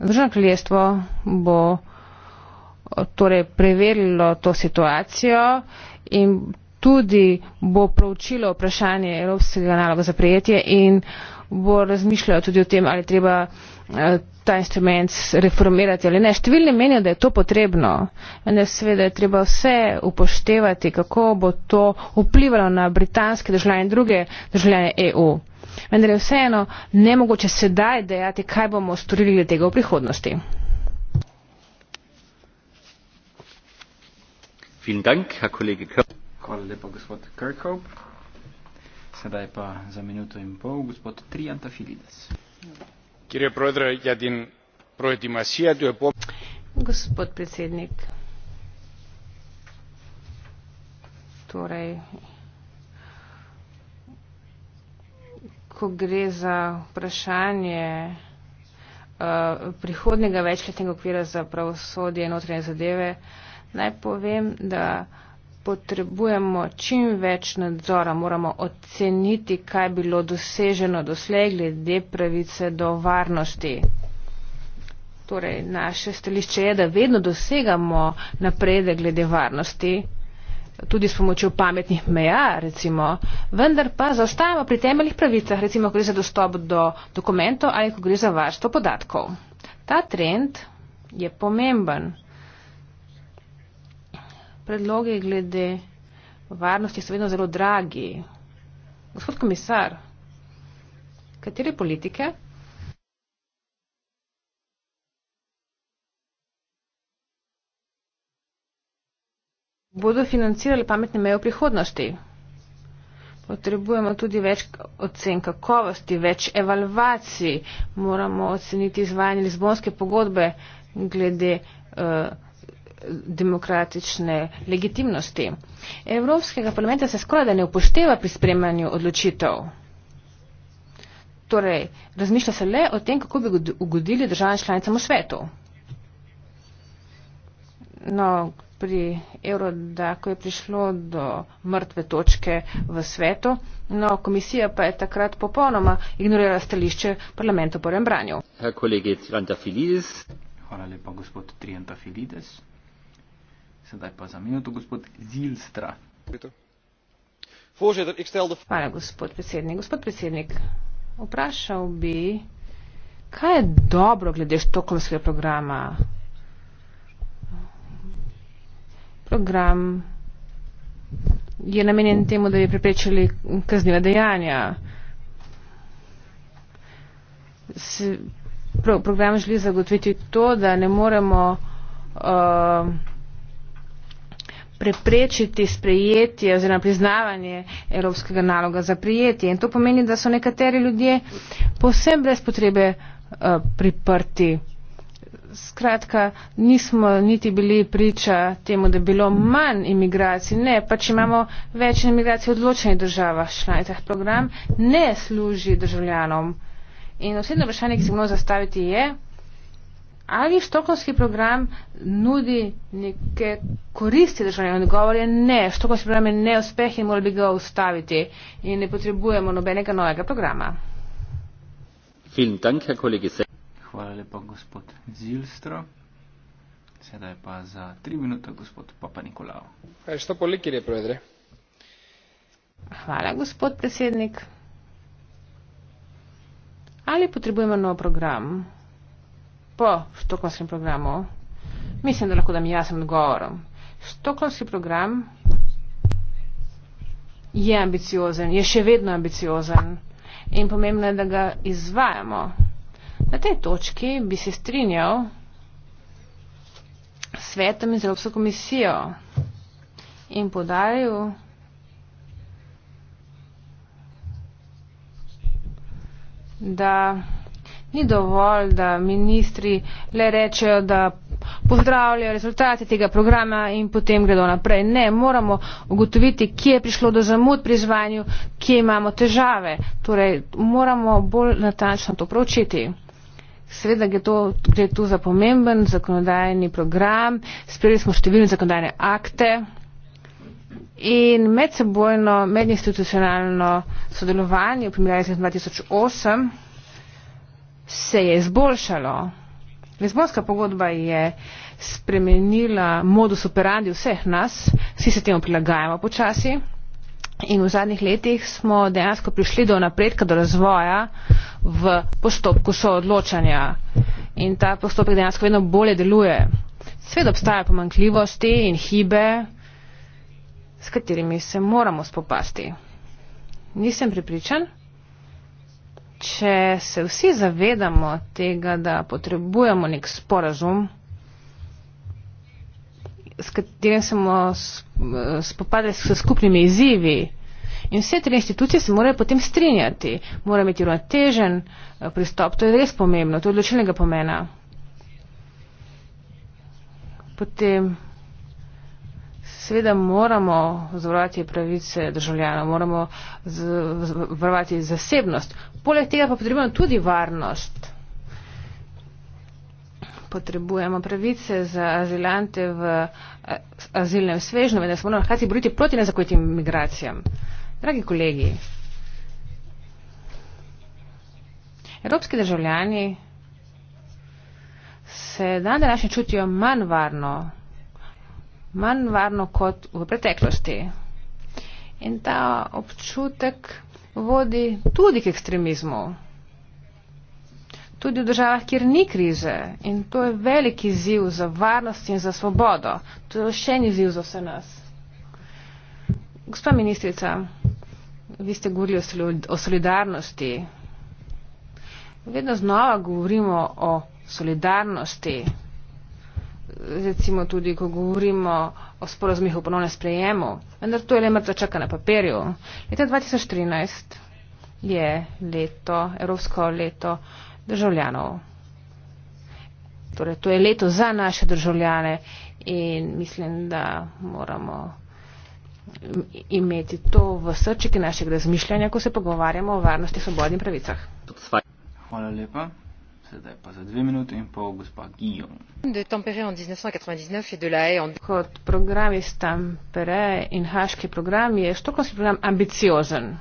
Združeno kraljestvo bo eh, torej preverilo to situacijo in tudi bo proučilo vprašanje Evropskega naloga za prijetje in bo razmišljalo tudi o tem, ali treba uh, Eh, ta instrument reformirati ali ne. Številni menijo, da je to potrebno, vendar seveda je treba vse upoštevati, kako bo to vplivalo na britanske državljane in druge državljane EU. Vendar je vseeno nemogoče sedaj dejati, kaj bomo storili glede tega v prihodnosti. Hvala lepa, gospod Kirkhope. Sedaj pa za minuto in pol, gospod Trianta Filides. Hvala. Ja, gospod predsednik torej ko gre za vprašanje eh, prihodnjega večletnega okvira za pravosodje in notranje zadeve naj povem da potrebujemo čim več nadzora, moramo oceniti, kaj je bilo doseženo doslej glede pravice do varnosti. Torej, naše stališče je, da vedno dosegamo napredek glede varnosti, tudi s pomočjo pametnih meja, recimo, vendar pa zaostajamo pri temeljih pravicah, recimo, ko gre za dostop do dokumentov ali ko gre za varstvo podatkov. Ta trend je pomemben predloge glede varnosti so vedno zelo dragi. Gospod komisar, katere politike? Bodo financirali pametne meje v prihodnosti. Potrebujemo tudi več ocen kakovosti, več evalvacij. Moramo oceniti izvajanje Lizbonske pogodbe glede. Uh, demokratične legitimnosti. Evropskega parlamenta se skoraj da ne upošteva pri spremanju odločitev. Torej, razmišlja se le o tem, kako bi ugodili državam članicam v svetu. No, pri Eurodaku je prišlo do mrtve točke v svetu, no, komisija pa je takrat popolnoma ignorirala stališče parlamenta po rembranju. Hvala lepa, gospod Triantafilides. Sedaj pa za minuto gospod Zilstra. Hvala, gospod predsednik. Gospod predsednik, vprašal bi, kaj je dobro glede štokolskega programa? Program je namenjen temu, da bi preprečili kaznjiva dejanja. Pro, program želi zagotoviti to, da ne moremo. Uh, preprečiti sprejetje oziroma priznavanje evropskega naloga za prijetje. In to pomeni, da so nekateri ljudje posem brez potrebe uh, priprti. Skratka, nismo niti bili priča temu, da je bilo manj imigracij. Ne, pač imamo več imigracij v odločenih državah. Šlajtah program ne služi državljanom. In osebno vprašanje, ki se moramo zastaviti, je, ali štokonski program nudi neke koristi državljanom. Odgovor je ne, štokonski program je neuspeh in morali bi ga ustaviti in ne potrebujemo nobenega novega programa. Dank, Hvala lepa, gospod Zilstro. Sedaj pa za tri minute, gospod Papa Nikolao. Kaj je to poliki, je prevedre? Hvala, gospod predsednik. Ali potrebujemo nov program? po štokholmskem programu? Mislim, da lahko dam jasen odgovor. Štokholmski program je ambiciozen, je še vedno ambiciozen in pomembno je, da ga izvajamo. Na tej točki bi se strinjal s svetom in z Evropsko komisijo in podaril. da Ni dovolj, da ministri le rečejo, da pozdravljajo rezultate tega programa in potem gredo naprej. Ne, moramo ugotoviti, kje je prišlo do zamud pri izvajanju, kje imamo težave. Torej, moramo bolj natančno to pročiti. Sveda gre to, gre to za pomemben zakonodajni program. Sprejeli smo številne zakonodajne akte. In medsebojno, medinstitucionalno sodelovanje v primerjavi z 2008 se je izboljšalo. Lizbonska pogodba je spremenila modus operandi vseh nas, vsi se temu prilagajamo počasi in v zadnjih letih smo dejansko prišli do napredka, do razvoja v postopku soodločanja in ta postopek dejansko vedno bolje deluje. Svet obstaja pomankljivosti in hibe, s katerimi se moramo spopasti. Nisem pripričan če se vsi zavedamo tega, da potrebujemo nek sporazum, s katerim smo eh, spopadli s skupnimi izzivi in vse tri institucije se morajo potem strinjati, morajo imeti uravnotežen eh, pristop, to je res pomembno, to je odločilnega pomena. Potem Seveda moramo zavarovati pravice državljanov, moramo zavarovati zasebnost. Poleg tega pa potrebujemo tudi varnost. Potrebujemo pravice za azilante v eh, azilnem svežnju, da se moramo hkrati boriti proti nezakonitim migracijam. Dragi kolegi, evropski državljani se dan današnji čutijo manj varno manj varno kot v preteklosti. In ta občutek vodi tudi k ekstremizmu. Tudi v državah, kjer ni krize. In to je veliki ziv za varnost in za svobodo. To je še en ziv za vse nas. Gospa ministrica, vi ste govorili o solidarnosti. Vedno znova govorimo o solidarnosti recimo tudi, ko govorimo o sporozumih o ponovnem sprejemu, vendar to je le mrtva čaka na papirju. Leta 2013 je leto, evropsko leto državljanov. Torej, to je leto za naše državljane in mislim, da moramo eh, imeti to v srčiki našega razmišljanja, ko se pogovarjamo o varnosti, svobodi in pravicah. Hvala lepa. Sedaj pa za dve minuti in pol gospa Gijom. Kot program iz Tampere in Haški program je štokonski program ambiciozen.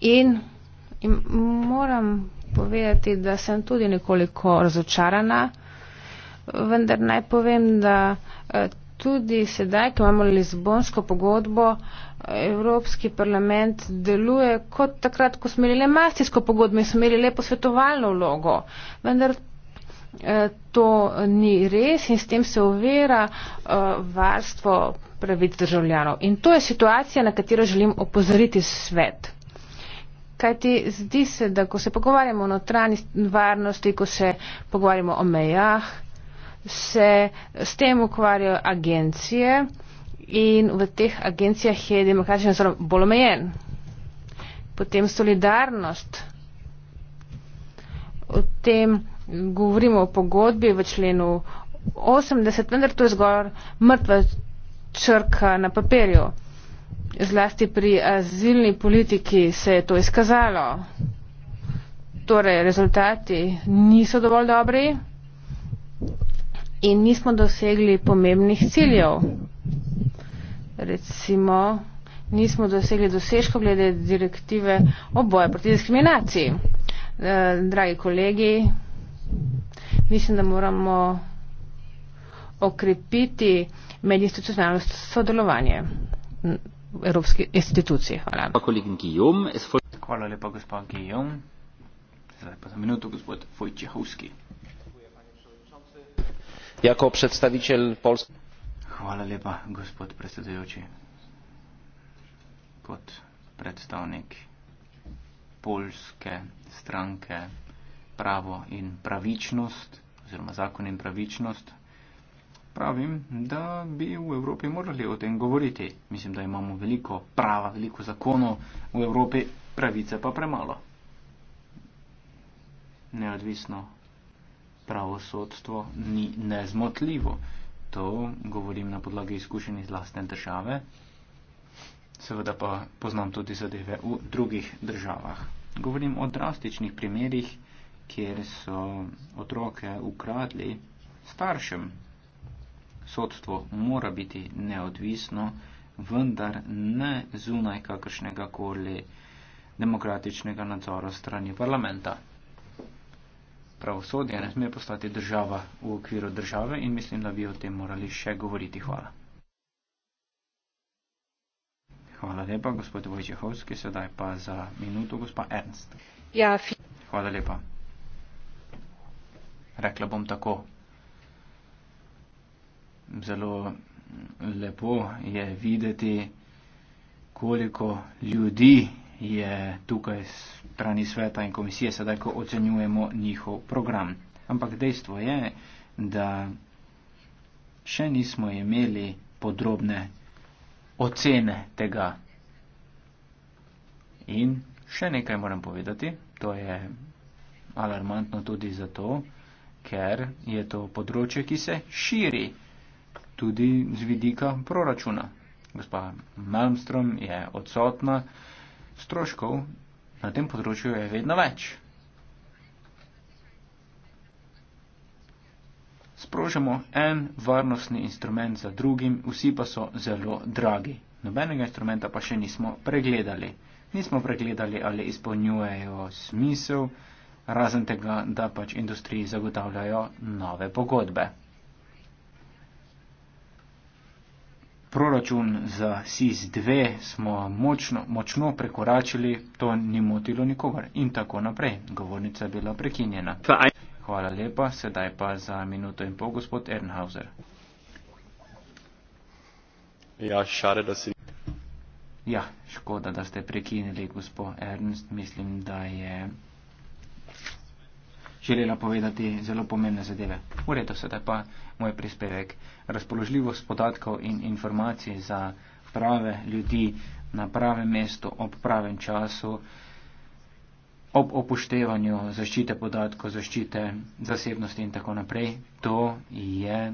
In, in moram povedati, da sem tudi nekoliko razočarana, vendar naj povem, da eh, tudi sedaj, ko imamo Lizbonsko pogodbo, Evropski parlament deluje kot takrat, ko smo imeli le mastijsko pogodbo in smo imeli le posvetovalno vlogo. Vendar eh, to ni res in s tem se uvera eh, varstvo pravic državljanov. In to je situacija, na katero želim opozoriti svet. Kajti zdi se, da ko se pogovarjamo o notranji varnosti, ko se pogovarjamo o mejah, se s tem ukvarjajo agencije, in v teh agencijah je demokratični nadzor bolj omejen. Potem solidarnost. O tem govorimo o pogodbi v členu 80, vendar to je zgolj mrtva črka na papirju. Zlasti pri azilni politiki se je to izkazalo. Torej, rezultati niso dovolj dobri in nismo dosegli pomembnih ciljev recimo nismo dosegli dosežko glede direktive o boju proti diskriminaciji. Eh, dragi kolegi, mislim, da moramo okrepiti medinstitucionalno sodelovanje Evropske institucije. Hvala. Hvala lepa, gospod Gijom. Zdaj pa za minuto, gospod Vojčehovski. Jako predstavitelj Polske. Hvala lepa, gospod predsedujoči. Kot predstavnik polske stranke Pravo in pravičnost oziroma zakon in pravičnost pravim, da bi v Evropi morali o tem govoriti. Mislim, da imamo veliko prava, veliko zakonov v Evropi, pravice pa premalo. Neodvisno pravosodstvo ni nezmotljivo to govorim na podlagi izkušenj iz lastne države, seveda pa poznam tudi zadeve v drugih državah. Govorim o drastičnih primerjih, kjer so otroke ukradli staršem. Sodstvo mora biti neodvisno, vendar ne zunaj kakršnega koli demokratičnega nadzora strani parlamenta pravosodje ne sme postati država v okviru države in mislim, da bi o tem morali še govoriti. Hvala. Hvala lepa, gospod Vojčehovski, sedaj pa za minuto, gospa Ernst. Ja, Hvala lepa. Rekla bom tako. Zelo lepo je videti, koliko ljudi je tukaj strani sveta in komisije, sedaj ko ocenjujemo njihov program. Ampak dejstvo je, da še nismo imeli podrobne ocene tega. In še nekaj moram povedati, to je alarmantno tudi zato, ker je to področje, ki se širi tudi z vidika proračuna. Gospa Malmström je odsotna stroškov na tem področju je vedno več. Sprožamo en varnostni instrument za drugim, vsi pa so zelo dragi. Nobenega instrumenta pa še nismo pregledali. Nismo pregledali, ali izpolnjujejo smisel, razen tega, da pač industriji zagotavljajo nove pogodbe. proračun za SIS-2 smo močno, močno prekoračili, to ni motilo nikogar in tako naprej. Govornica je bila prekinjena. Hvala lepa, sedaj pa za minuto in pol gospod Ernhauser. Ja, šare, da si. Ja, škoda, da ste prekinili gospod Ernst, mislim, da je želela povedati zelo pomembne zadeve. V redu, sedaj pa moj prispevek. Razpoložljivost podatkov in informacij za prave ljudi na pravem mestu ob pravem času, ob upoštevanju zaščite podatkov, zaščite zasebnosti in tako naprej, to je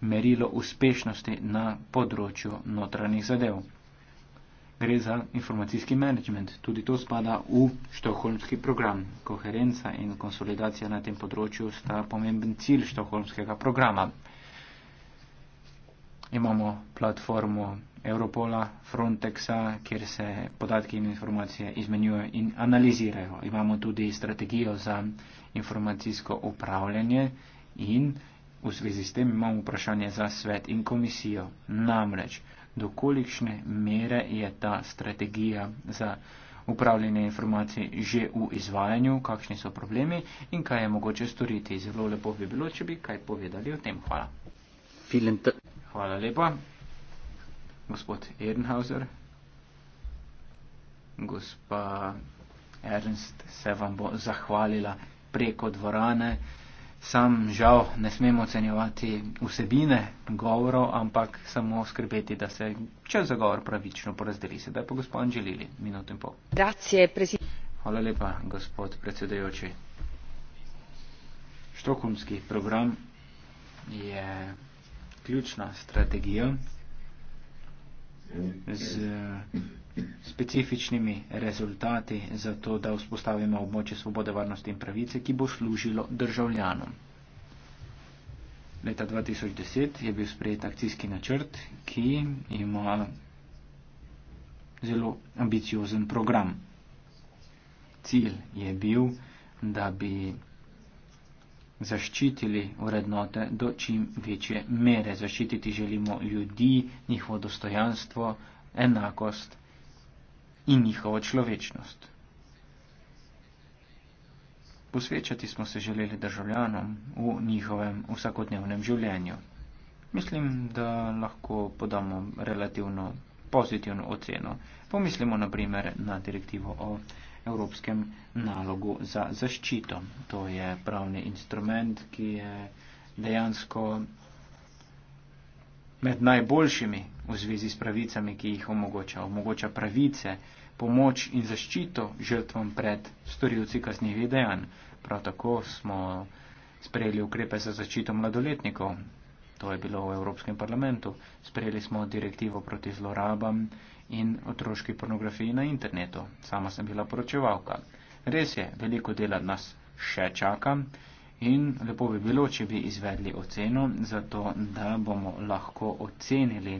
merilo uspešnosti na področju notranjih zadev gre za informacijski management. Tudi to spada v štoholmski program. Koherenca in konsolidacija na tem področju sta pomemben cilj štoholmskega programa. Imamo platformo Europola, Frontexa, kjer se podatki in informacije izmenjujejo in analizirajo. Imamo tudi strategijo za informacijsko upravljanje in v zvezi s tem imamo vprašanje za svet in komisijo. Namreč, dokolikšne mere je ta strategija za upravljanje informacij že v izvajanju, kakšni so problemi in kaj je mogoče storiti. Zelo lepo bi bilo, če bi kaj povedali o tem. Hvala. Hvala lepa. Gospod Ehrenhauser, gospa Ernst se vam bo zahvalila preko dvorane sam žal ne smemo ocenjevati vsebine govorov, ampak samo skrbeti, da se čas za govor pravično porazdeli. Sedaj pa gospod Anželili, minuto in pol. Grazie, Hvala lepa, gospod predsedajoči. Štokholmski program je ključna strategija z specifičnimi rezultati za to, da vzpostavimo območje svobode, varnosti in pravice, ki bo služilo državljanom. Leta 2010 je bil sprejet akcijski načrt, ki ima zelo ambiciozen program. Cilj je bil, da bi zaščitili urednote do čim večje mere. Zaščititi želimo ljudi, njihovo dostojanstvo, enakost in njihovo človečnost. Posvečati smo se želeli državljanom v njihovem vsakodnevnem življenju. Mislim, da lahko podamo relativno pozitivno oceno. Pomislimo naprimer na direktivo o evropskem nalogu za zaščito. To je pravni instrument, ki je dejansko med najboljšimi v zvezi s pravicami, ki jih omogoča. Omogoča pravice, pomoč in zaščito žrtvom pred storilci kaznjivih dejanj. Prav tako smo sprejeli ukrepe za zaščito mladoletnikov. To je bilo v Evropskem parlamentu. Sprejeli smo direktivo proti zlorabam in otroški pornografiji na internetu. Sama sem bila poročevalka. Res je, veliko dela nas še čaka. In lepo bi bilo, če bi izvedli oceno, zato da bomo lahko ocenili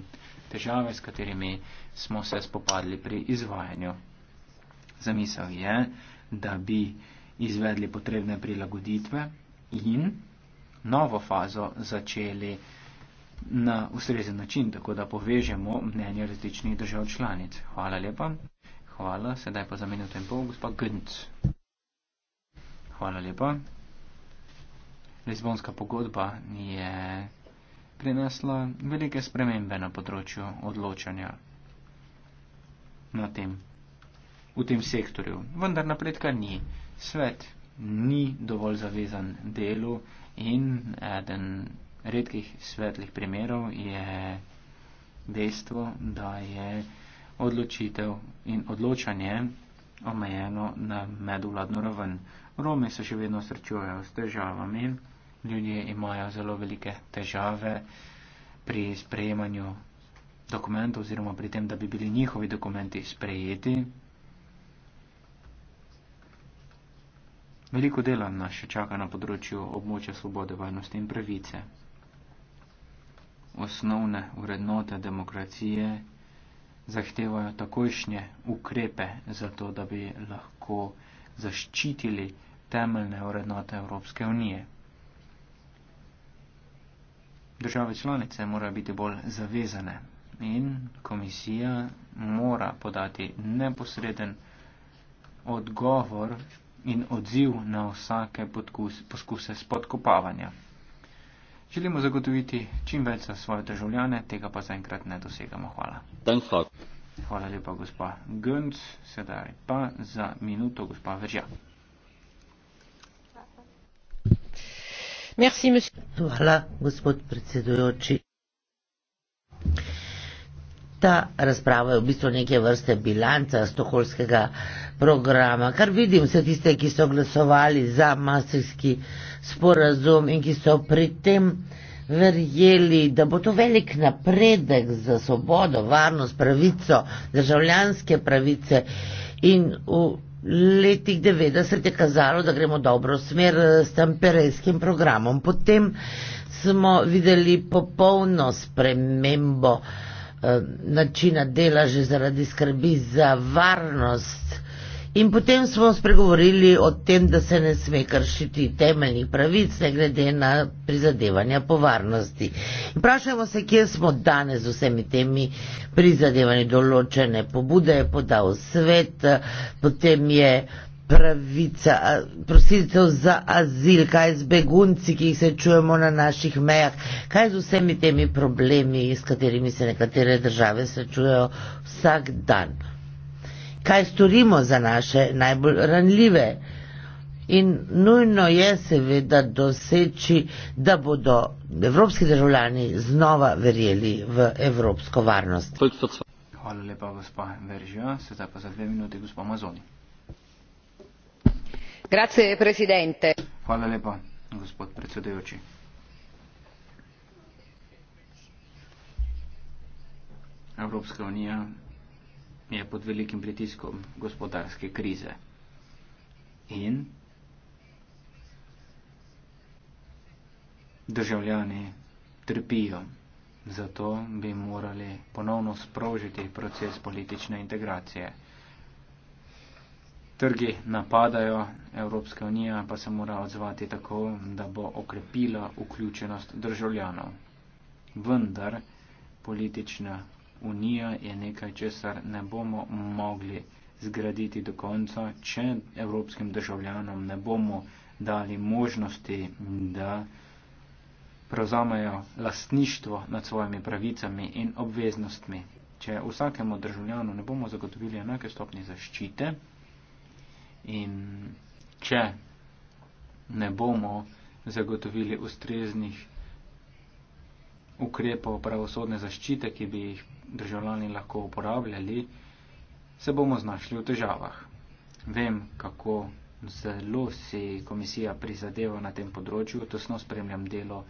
težave, s katerimi smo se spopadli pri izvajanju. Zamisel je, da bi izvedli potrebne prilagoditve in novo fazo začeli na ustrezen način, tako da povežemo mnenje različnih držav članic. Hvala lepa. Hvala, sedaj pa za minuto in pol, gospod Gönc. Hvala lepa. Lizbonska pogodba je prinesla velike spremembe na področju odločanja na tem, v tem sektorju. Vendar napredka ni. Svet ni dovolj zavezan delu in eden redkih svetlih primerov je dejstvo, da je odločitev in odločanje omejeno na medvladno raven. Romi se še vedno srečujejo s težavami ljudje imajo zelo velike težave pri sprejemanju dokumentov oziroma pri tem, da bi bili njihovi dokumenti sprejeti. Veliko dela nas še čaka na področju območja svobode, varnosti in pravice. Osnovne urednote demokracije zahtevajo takojšnje ukrepe za to, da bi lahko zaščitili temeljne urednote Evropske unije. Države članice morajo biti bolj zavezane in komisija mora podati neposreden odgovor in odziv na vsake podkus, poskuse spodkopavanja. Želimo zagotoviti čim več za svoje državljane, tega pa zaenkrat ne dosegamo. Hvala. Hvala lepa, gospa Gönc. Sedaj pa za minuto, gospa Veržja. Hvala, gospod predsedujoči. Ta razprava je v bistvu neke vrste bilanca stokholskega programa, kar vidim vse tiste, ki so glasovali za masterski sporazum in ki so pri tem verjeli, da bo to velik napredek za svobodo, varnost, pravico, državljanske pravice in v letih 90 je kazalo, da gremo dobro smer eh, s tem perejskim programom. Potem smo videli popolno spremembo eh, načina dela že zaradi skrbi za varnost eh, In potem smo spregovorili o tem, da se ne sme kršiti temeljnih pravic, ne glede na prizadevanja po varnosti. In vprašamo se, kje smo danes z vsemi temi prizadevanji določene. Pobuda je podal svet, potem je pravica, prosilcev za azil, kaj z begunci, ki jih se čujemo na naših mejah, kaj z vsemi temi problemi, s katerimi se nekatere države srečujejo vsak dan kaj storimo za naše najbolj ranljive. In nujno je seveda doseči, da bodo evropski državljani znova verjeli v evropsko varnost. Hvala lepa, gospa Veržija. Sedaj pa za dve minuti, gospa Mazoni. Grazie, presidente. Hvala lepa, gospod predsedujoči. Evropska unija je pod velikim pritiskom gospodarske krize. In državljani trpijo. Zato bi morali ponovno sprožiti proces politične integracije. Trgi napadajo, Evropska unija pa se mora odzvati tako, da bo okrepila vključenost državljanov. Vendar politična Unija je nekaj, česar ne bomo mogli zgraditi do konca, če evropskim državljanom ne bomo dali možnosti, da prevzamejo lastništvo nad svojimi pravicami in obveznostmi. Če vsakemu državljanu ne bomo zagotovili enake stopnje zaščite in če ne bomo zagotovili ustreznih ukrepov pravosodne zaščite, ki bi jih državljani lahko uporabljali, se bomo znašli v težavah. Vem, kako zelo si komisija prizadeva na tem področju, tesno spremljam delo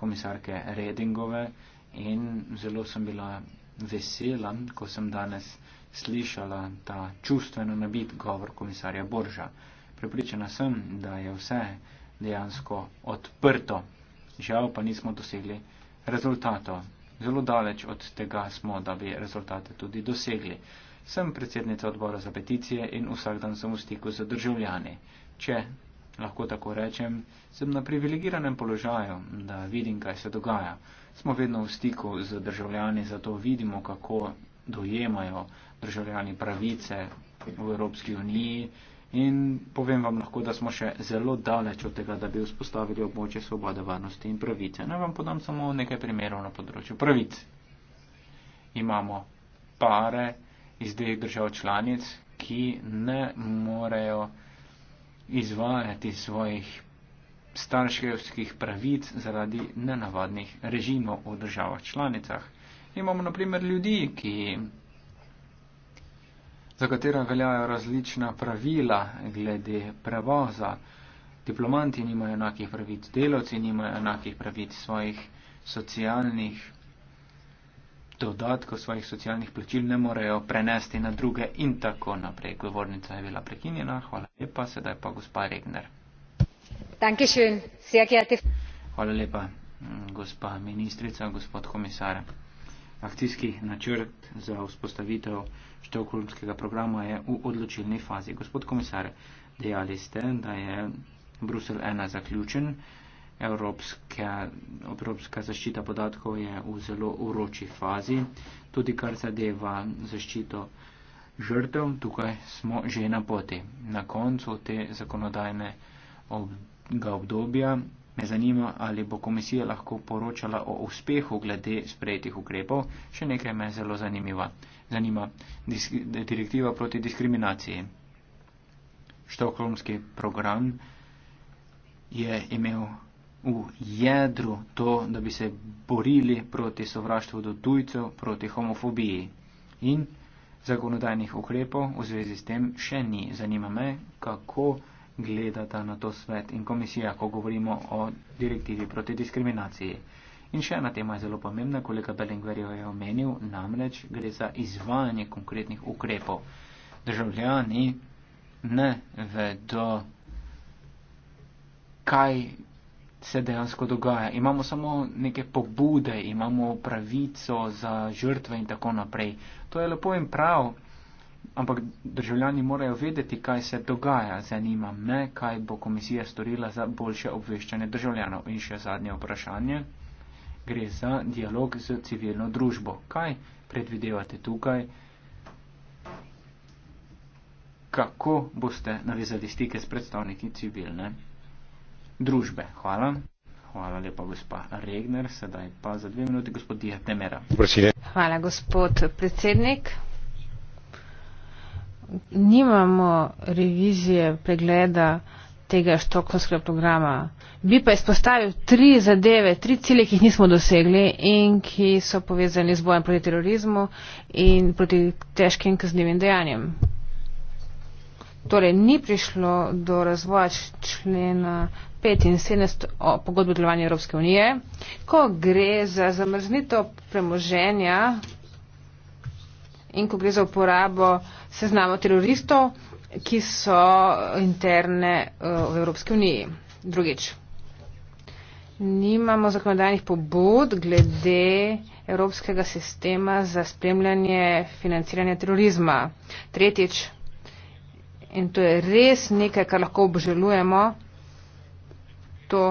komisarke Redingove in zelo sem bila vesela, ko sem danes slišala ta čustveno nabit govor komisarja Borža. Pripričana sem, da je vse dejansko odprto. Žal pa nismo dosegli rezultatov. Zelo daleč od tega smo, da bi rezultate tudi dosegli. Sem predsednica odbora za peticije in vsak dan sem v stiku z državljani. Če lahko tako rečem, sem na privilegiranem položaju, da vidim, kaj se dogaja. Smo vedno v stiku z državljani, zato vidimo, kako dojemajo državljani pravice v Evropski uniji In povem vam lahko, da smo še zelo daleč od tega, da bi vzpostavili območje svobode, varnosti in pravice. Naj vam podam samo nekaj primerov na področju pravic. Imamo pare iz dveh držav članic, ki ne morejo izvajati svojih starševskih pravic zaradi nenavadnih režimov v državah članicah. Imamo naprimer ljudi, ki za katero veljajo različna pravila glede prevoza. Diplomanti nimajo enakih pravic, delavci nimajo enakih pravic svojih socialnih dodatkov, svojih socialnih plačil ne morejo prenesti na druge in tako naprej. Govornica je bila prekinjena, hvala lepa, sedaj pa gospa Regner. Hvala lepa, gospa ministrica, gospod komisar. Akcijski načrt za vzpostavitev štokolmskega programa je v odločilni fazi. Gospod komisar, dejali ste, da je Brusel 1 zaključen, Evropske, Evropska zaščita podatkov je v zelo uroči fazi, tudi kar zadeva zaščito žrtev, tukaj smo že na poti. Na koncu te zakonodajne ob, obdobja Me zanima, ali bo komisija lahko poročala o uspehu glede sprejetih ukrepov. Še nekaj me zelo zanimiva. Zanima direktiva proti diskriminaciji. Štokholmski program je imel v jedru to, da bi se borili proti sovraštvu do tujcev, proti homofobiji. In zakonodajnih ukrepov v zvezi s tem še ni. Zanima me, kako gledata na to svet in komisija, ko govorimo o direktivi proti diskriminaciji. In še ena tema je zelo pomembna, kolega Belengver jo je omenil, namreč gre za izvajanje konkretnih ukrepov. Državljani ne vedo, kaj se dejansko dogaja. Imamo samo neke pobude, imamo pravico za žrtve in tako naprej. To je lepo in prav ampak državljani morajo vedeti, kaj se dogaja. Zanima me, kaj bo komisija storila za boljše obveščanje državljanov. In še zadnje vprašanje. Gre za dialog z civilno družbo. Kaj predvidevate tukaj? Kako boste navezali stike s predstavniki civilne družbe? Hvala. Hvala lepa, gospa Regner. Sedaj pa za dve minuti, gospod Dijatemera. Hvala, gospod predsednik nimamo revizije pregleda tega štokholmskega programa. Bi pa izpostavil tri zadeve, tri cilje, ki jih nismo dosegli in ki so povezani z bojem proti terorizmu in proti težkim kaznjivim dejanjem. Torej, ni prišlo do razvoja člena 75 o pogodbi delovanja Evropske unije, ko gre za zamrznitev premoženja in ko gre za uporabo seznamo teroristov, ki so interne eh, v Evropski uniji. Drugič, nimamo zakonodajnih pobud glede Evropskega sistema za spremljanje financiranja terorizma. Tretjič, in to je res nekaj, kar lahko obžalujemo, to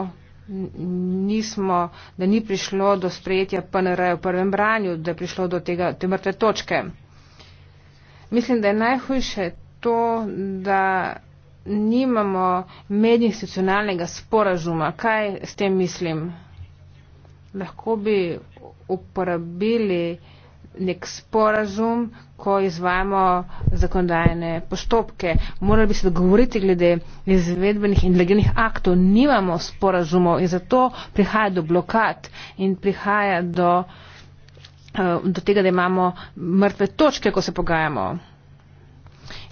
nismo, da ni prišlo do sprejetja PNR v prvem branju, da je prišlo do tega, te mrtve točke. Mislim, da je najhujše to, da nimamo medinstitucionalnega sporazuma. Kaj s tem mislim? Lahko bi uporabili nek sporazum, ko izvajamo zakonodajne postopke. Morali bi se dogovoriti glede izvedbenih in legalnih aktov. Nimamo sporazumov in zato prihaja do blokad in prihaja do. Eh, do tega, da imamo mrtve točke, ko se pogajamo.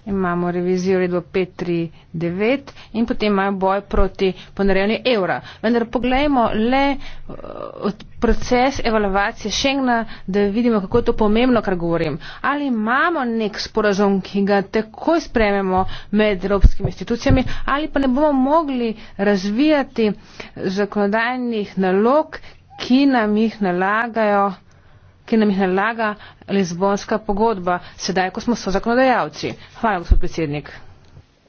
Imamo revizijo redo 539 in potem imajo boj proti ponarevni evra. Vendar pogledajmo le uh, proces evalvacije Schengna, da vidimo, kako je to pomembno, kar govorim. Ali imamo nek sporazum, ki ga takoj sprememo med evropskimi institucijami, ali pa ne bomo mogli razvijati zakonodajnih nalog, ki nam jih nalagajo ki nam jih nalaga lizbonska pogodba, sedaj, ko smo so zakonodajalci. Hvala, gospod predsednik.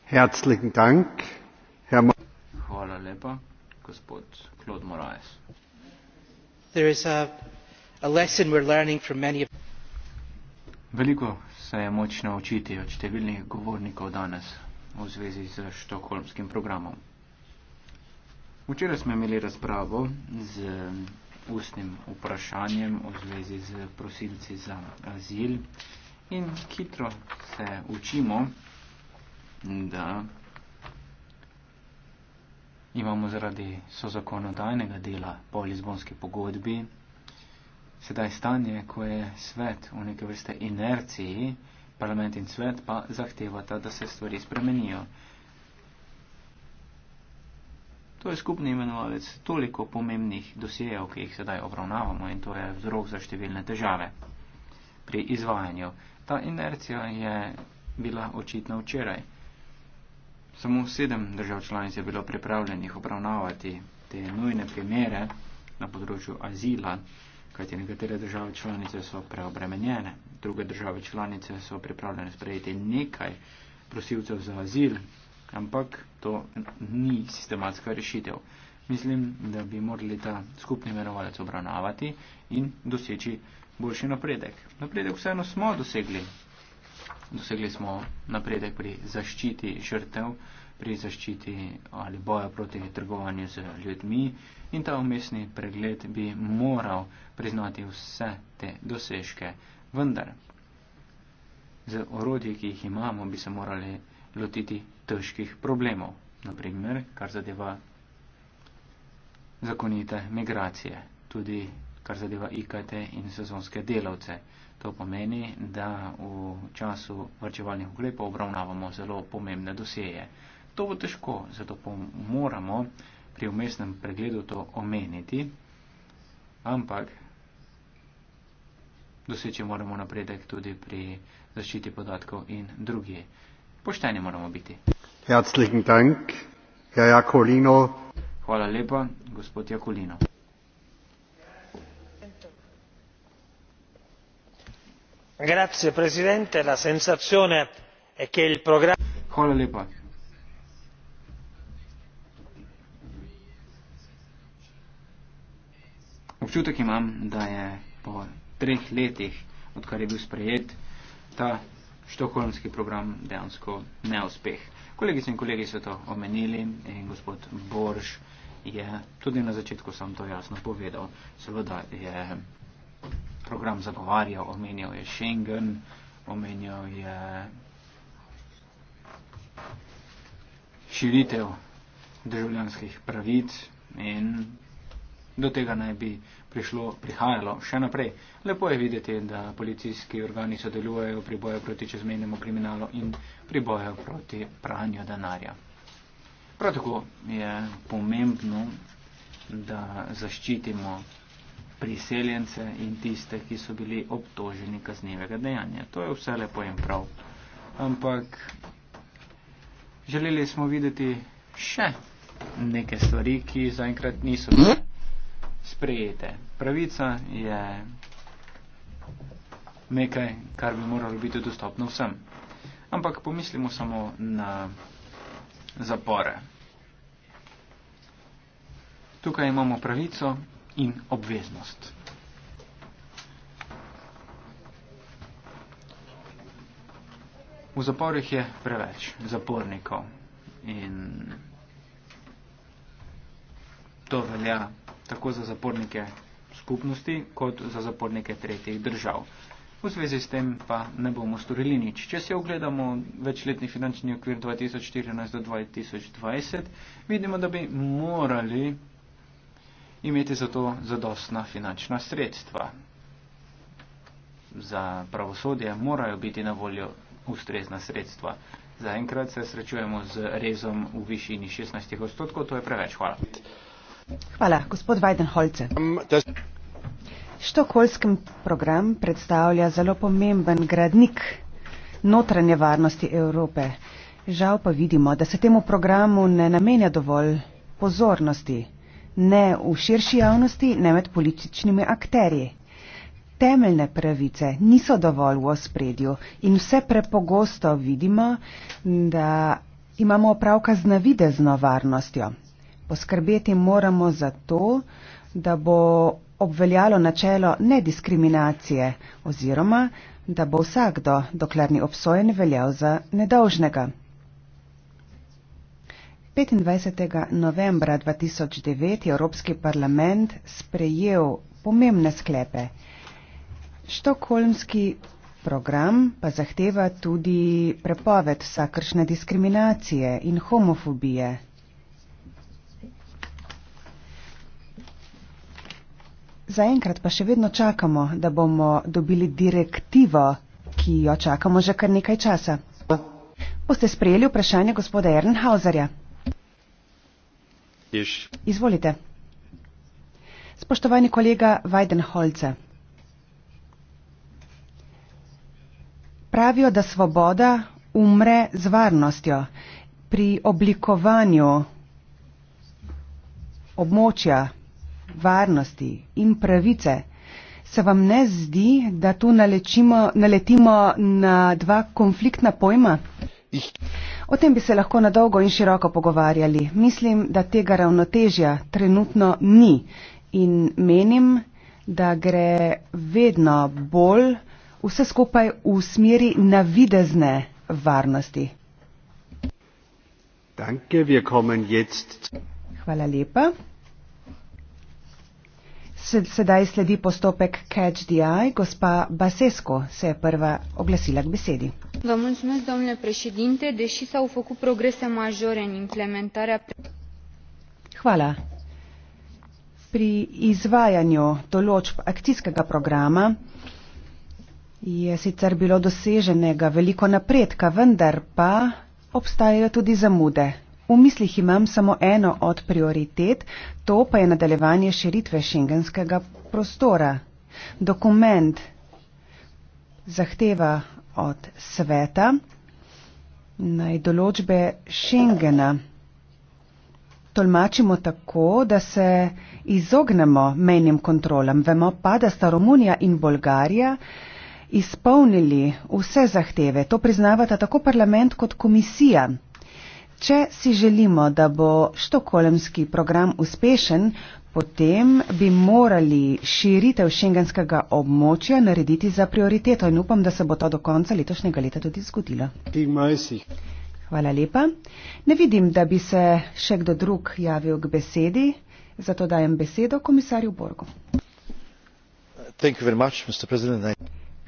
Herzlichen Dank. Herr Mor Hvala lepa, gospod Klod Moraes. There is a, a lesson we're learning from many of Veliko se je moč naučiti od številnih govornikov danes v zvezi z štokholmskim programom. Včeraj smo imeli razpravo z ustnim vprašanjem v zvezi z prosilci za azil in hitro se učimo, da imamo zaradi sozakonodajnega dela po Lizbonski pogodbi sedaj stanje, ko je svet v neke vrste inerciji, parlament in svet pa zahtevata, da se stvari spremenijo. To je skupni imenovalec toliko pomembnih dosijev, ki jih sedaj obravnavamo in to je vzrok za številne težave pri izvajanju. Ta inercija je bila očitna včeraj. Samo sedem držav članic je bilo pripravljenih obravnavati te nujne primere na področju azila, kajti nekatere države članice so preobremenjene, druge države članice so pripravljene sprejeti nekaj prosilcev za azil, ampak to ni sistematska rešitev. Mislim, da bi morali ta skupni imenovalec obravnavati in doseči boljši napredek. Napredek vseeno smo dosegli. Dosegli smo napredek pri zaščiti žrtev, pri zaščiti ali boja proti trgovanju z ljudmi in ta umestni pregled bi moral priznati vse te dosežke. Vendar, z orodje, ki jih imamo, bi se morali lotiti težkih problemov, naprimer, kar zadeva zakonite migracije, tudi kar zadeva IKT in sezonske delavce. To pomeni, da v času vrčevalnih ukrepov obravnavamo zelo pomembne dosjeje. To bo težko, zato moramo pri umestnem pregledu to omeniti, ampak doseči moramo napredek tudi pri zaščiti podatkov in drugi pošteni moramo biti. Herzlichen Dank, Herr Jacolino. Hvala lepa, gospod Jakolino. Grazie, presidente, la sensazione è che il programma. Hvala lepa. Občutek imam, da je po treh letih, odkar je bil sprejet, ta štokholmski program dejansko neuspeh. Kolegice in kolegi so to omenili in gospod Borš je tudi na začetku sam to jasno povedal. Seveda je program zagovarjal, omenjal je Schengen, omenjal je širitev državljanskih pravic in Do tega naj bi prišlo, prihajalo še naprej. Lepo je videti, da policijski organi sodelujejo pri boju proti čezmenjemu kriminalu in pri boju proti pranju denarja. Prav tako je pomembno, da zaščitimo priseljence in tiste, ki so bili obtoženi kaznevega dejanja. To je vse lepo in prav. Ampak želeli smo videti še neke stvari, ki zaenkrat niso bile sprejete. Pravica je nekaj, kar bi moralo biti dostopno vsem. Ampak pomislimo samo na zapore. Tukaj imamo pravico in obveznost. V zaporih je preveč zapornikov in to velja tako za zapornike skupnosti, kot za zapornike tretjih držav. V zvezi s tem pa ne bomo storili nič. Če se ogledamo večletni finančni okvir 2014 do 2020, vidimo, da bi morali imeti za to zadostna finančna sredstva. Za pravosodje morajo biti na voljo ustrezna sredstva. Zaenkrat se srečujemo z rezom v višini 16 odstotkov, to je preveč. Hvala. Hvala, gospod Weidenholze. Štokholmski program predstavlja zelo pomemben gradnik notranje varnosti Evrope. Žal pa vidimo, da se temu programu ne namenja dovolj pozornosti, ne v širši javnosti, ne med političnimi akterji. Temeljne pravice niso dovolj v ospredju in vse prepogosto vidimo, da imamo opravka z navidezno varnostjo poskrbeti moramo za to, da bo obveljalo načelo nediskriminacije oziroma, da bo vsakdo, dokler ni obsojen, veljal za nedolžnega. 25. novembra 2009 je Evropski parlament sprejel pomembne sklepe. Štokholmski program pa zahteva tudi prepoved vsakršne diskriminacije in homofobije. Zaenkrat pa še vedno čakamo, da bomo dobili direktivo, ki jo čakamo že kar nekaj časa. Boste sprejeli vprašanje gospoda Ernhauserja? Izvolite. Spoštovani kolega Weidenholze. Pravijo, da svoboda umre z varnostjo. Pri oblikovanju območja varnosti in pravice, se vam ne zdi, da tu nalečimo, naletimo na dva konfliktna pojma? Ich. O tem bi se lahko na dolgo in široko pogovarjali. Mislim, da tega ravnotežja trenutno ni in menim, da gre vedno bolj vse skupaj v smeri navidezne varnosti. Danke, Hvala lepa. Sedaj sledi postopek Catch the Eye. Gospa Basesko se je prva oglasila k besedi. Vam mulțumesc, domnule președinte, deși s-au făcut progrese majore în implementarea... Hvala. Pri izvajanju določb akcijskega programa je sicer bilo doseženega veliko napredka, vendar pa obstajajo tudi zamude. V mislih imam samo eno od prioritet, to pa je nadaljevanje širitve šengenskega prostora. Dokument zahteva od sveta naj določbe šengena. Tolmačimo tako, da se izognemo menjem kontrolam. Vemo pa, da sta Romunija in Bolgarija izpolnili vse zahteve. To priznavata tako parlament kot komisija. Če si želimo, da bo štokolemski program uspešen, potem bi morali širitev šengenskega območja narediti za prioriteto in upam, da se bo to do konca letošnjega leta tudi zgodilo. Hvala lepa. Ne vidim, da bi se še kdo drug javil k besedi, zato dajem besedo komisarju Borgu.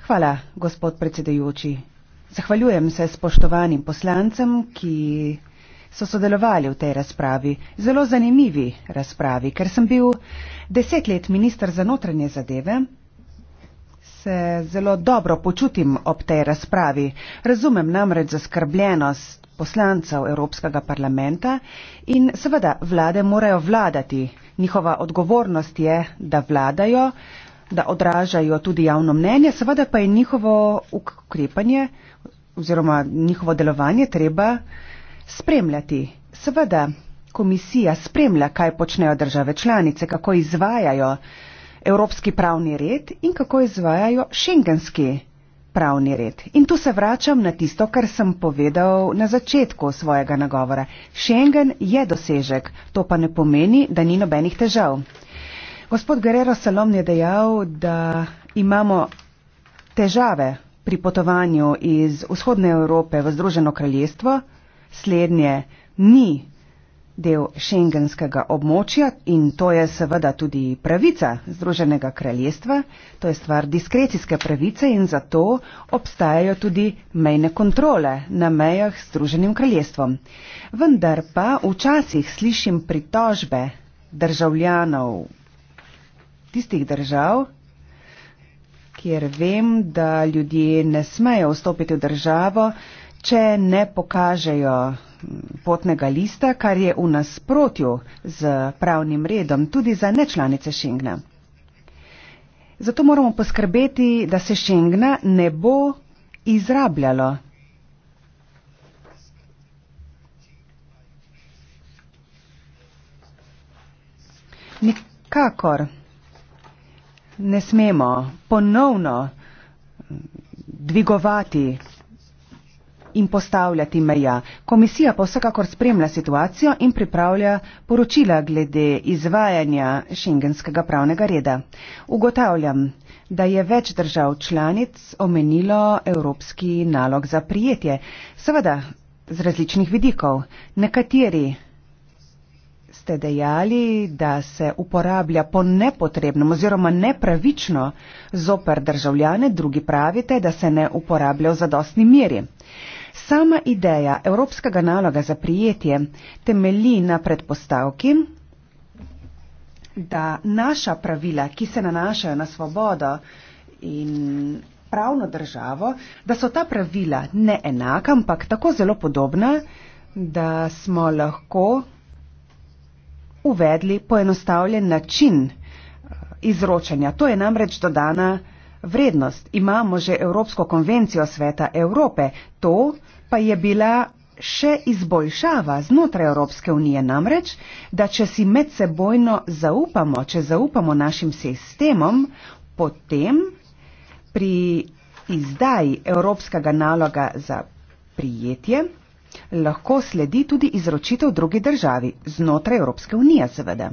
Hvala, gospod predsedajoči. Zahvaljujem se spoštovanim poslancem, ki so sodelovali v tej razpravi, zelo zanimivi razpravi, ker sem bil deset let ministr za notranje zadeve, se zelo dobro počutim ob tej razpravi. Razumem namreč zaskrbljenost poslancev Evropskega parlamenta in seveda vlade morajo vladati. Njihova odgovornost je, da vladajo, da odražajo tudi javno mnenje, seveda pa je njihovo ukrepanje oziroma njihovo delovanje treba spremljati. Seveda, komisija spremlja, kaj počnejo države članice, kako izvajajo evropski pravni red in kako izvajajo šengenski pravni red. In tu se vračam na tisto, kar sem povedal na začetku svojega nagovora. Schengen je dosežek, to pa ne pomeni, da ni nobenih težav. Gospod Guerrero Salom je dejal, da imamo težave pri potovanju iz vzhodne Evrope v Združeno kraljestvo slednje ni del šengenskega območja in to je seveda tudi pravica Združenega kraljestva, to je stvar diskrecijske pravice in zato obstajajo tudi mejne kontrole na mejah z Združenim kraljestvom. Vendar pa včasih slišim pritožbe državljanov tistih držav, kjer vem, da ljudje ne smejo vstopiti v državo, če ne pokažejo potnega lista, kar je v nasprotju z pravnim redom tudi za nečlanice Šengna. Zato moramo poskrbeti, da se Šengna ne bo izrabljalo. Nikakor ne smemo ponovno dvigovati in postavljati meja. Komisija pa vsekakor spremlja situacijo in pripravlja poročila glede izvajanja šengenskega pravnega reda. Ugotavljam, da je več držav članic omenilo evropski nalog za prijetje. Seveda, z različnih vidikov. Nekateri ste dejali, da se uporablja po nepotrebnem oziroma nepravično zoper državljane, drugi pravite, da se ne uporablja v zadostni meri. Sama ideja evropskega naloga za prijetje temelji na predpostavki, da naša pravila, ki se nanašajo na svobodo in pravno državo, da so ta pravila ne enaka, ampak tako zelo podobna, da smo lahko uvedli poenostavljen način eh, izročanja. To je namreč dodana vrednost. Imamo že Evropsko konvencijo sveta Evrope, to pa je bila še izboljšava znotraj Evropske unije namreč, da če si medsebojno zaupamo, če zaupamo našim sistemom, potem pri izdaji Evropskega naloga za prijetje lahko sledi tudi izročitev drugi državi znotraj Evropske unije seveda.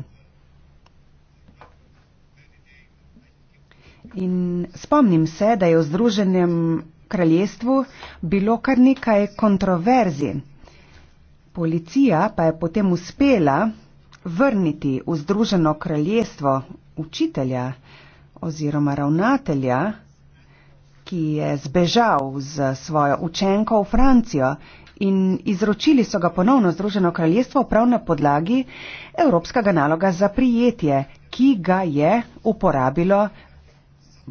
In spomnim se, da je v Združenem kraljestvu bilo kar nekaj kontroverzi. Policija pa je potem uspela vrniti v Združeno kraljestvo učitelja oziroma ravnatelja, ki je zbežal z svojo učenko v Francijo in izročili so ga ponovno Združeno kraljestvo prav na podlagi Evropskega naloga za prijetje, ki ga je uporabilo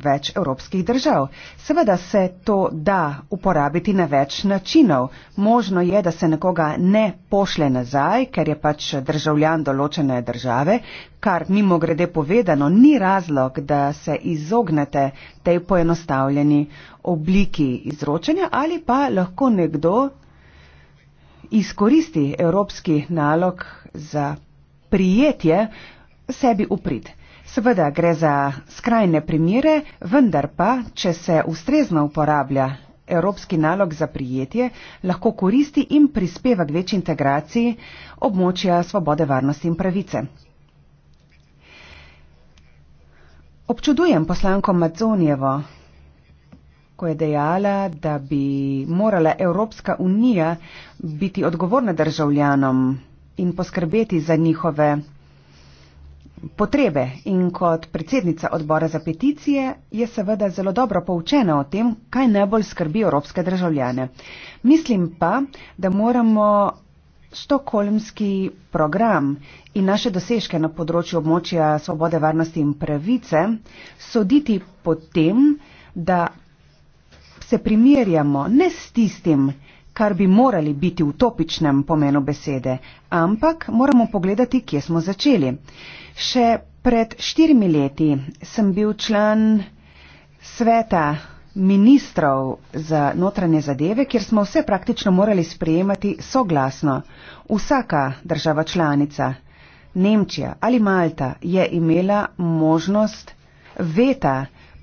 več evropskih držav. Seveda se to da uporabiti na več načinov. Možno je, da se nekoga ne pošle nazaj, ker je pač državljan določene države, kar mimo grede povedano ni razlog, da se izognete tej poenostavljeni obliki izročanja ali pa lahko nekdo izkoristi evropski nalog za prijetje sebi uprit. Seveda gre za skrajne primere, vendar pa, če se ustrezno uporablja evropski nalog za prijetje, lahko koristi in prispeva k večji integraciji območja svobode, varnosti in pravice. Občudujem poslanko Maconjevo, ko je dejala, da bi morala Evropska unija biti odgovorna državljanom in poskrbeti za njihove potrebe in kot predsednica odbora za peticije je seveda zelo dobro poučena o tem, kaj najbolj skrbi evropske državljane. Mislim pa, da moramo stokholmski program in naše dosežke na področju območja svobode, varnosti in pravice soditi potem, da se primerjamo ne s tistim, kar bi morali biti v topičnem pomenu besede, ampak moramo pogledati, kje smo začeli. Še pred štirimi leti sem bil član sveta ministrov za notranje zadeve, kjer smo vse praktično morali sprejemati soglasno. Vsaka država članica, Nemčija ali Malta, je imela možnost veta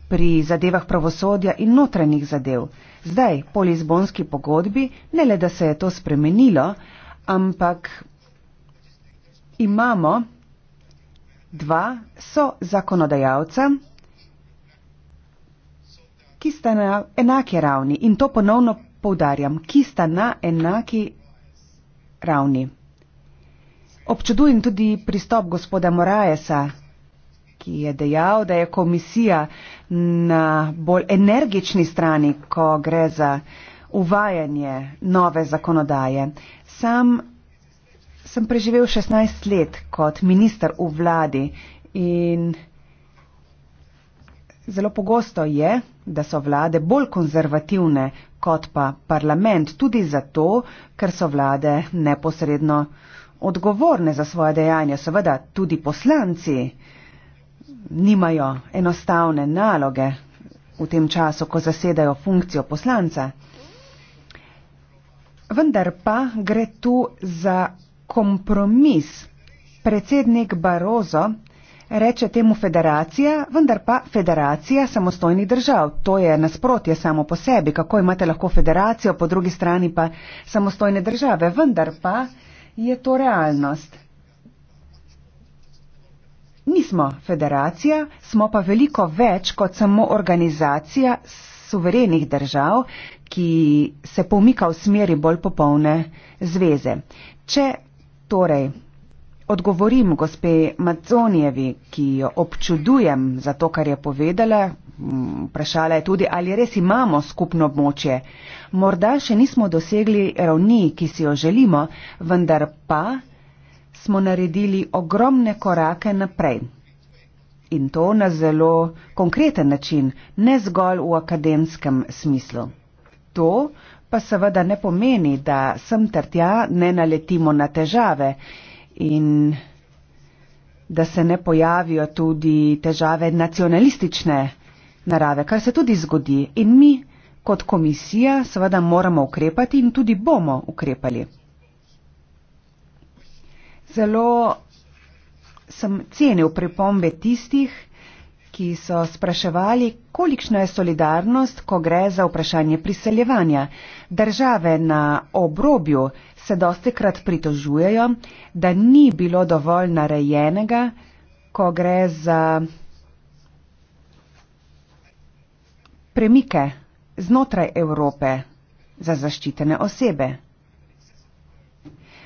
pri zadevah pravosodja in notranjih zadev. Zdaj, po Lizbonski pogodbi, ne le, da se je to spremenilo, ampak imamo dva so zakonodajalca, ki sta na enake ravni in to ponovno poudarjam, ki sta na enaki ravni. Občudujem tudi pristop gospoda Moraesa, ki je dejal, da je komisija na bolj energični strani, ko gre za uvajanje nove zakonodaje. Sam sem preživel 16 let kot minister v vladi in zelo pogosto je, da so vlade bolj konzervativne kot pa parlament, tudi zato, ker so vlade neposredno odgovorne za svoje dejanja, seveda tudi poslanci nimajo enostavne naloge v tem času, ko zasedajo funkcijo poslanca. Vendar pa gre tu za kompromis. Predsednik Barozo reče temu federacija, vendar pa federacija samostojnih držav. To je nasprotje samo po sebi, kako imate lahko federacijo, po drugi strani pa samostojne države. Vendar pa je to realnost. Nismo federacija, smo pa veliko več kot samo organizacija suverenih držav, ki se pomika v smeri bolj popolne zveze. Če torej odgovorim gospe Maconijevi, ki jo občudujem za to, kar je povedala, mm, vprašala je tudi, ali res imamo skupno območje. Morda še nismo dosegli ravni, ki si jo želimo, vendar pa smo naredili ogromne korake naprej. In to na zelo konkreten način, ne zgolj v akademskem smislu. To pa seveda ne pomeni, da sem ter tja ne naletimo na težave in da se ne pojavijo tudi težave nacionalistične narave, kar se tudi zgodi. In mi kot komisija seveda moramo ukrepati in tudi bomo ukrepali. Zelo sem cenil pripombe tistih, ki so spraševali, kolikšna je solidarnost, ko gre za vprašanje priseljevanja. Države na obrobju se dosti krat pritožujejo, da ni bilo dovolj narejenega, ko gre za premike znotraj Evrope za zaščitene osebe.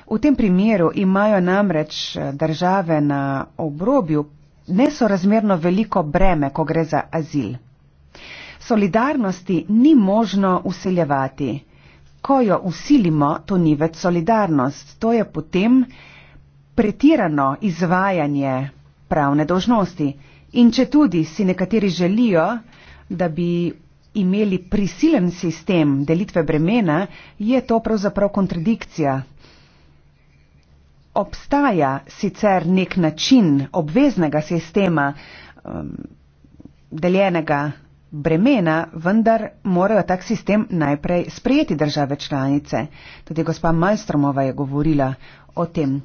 V tem primeru imajo namreč eh, države na obrobju nesorazmerno veliko breme, ko gre za azil. Solidarnosti ni možno useljevati. Ko jo usilimo, to ni več solidarnost, to je potem pretirano izvajanje pravne dožnosti. In če tudi si nekateri želijo, da bi imeli prisilen sistem delitve bremena, je to pravzaprav kontradikcija, obstaja sicer nek način obveznega sistema um, deljenega bremena, vendar morajo tak sistem najprej sprejeti države članice. Tudi gospa Majstromova je govorila o tem.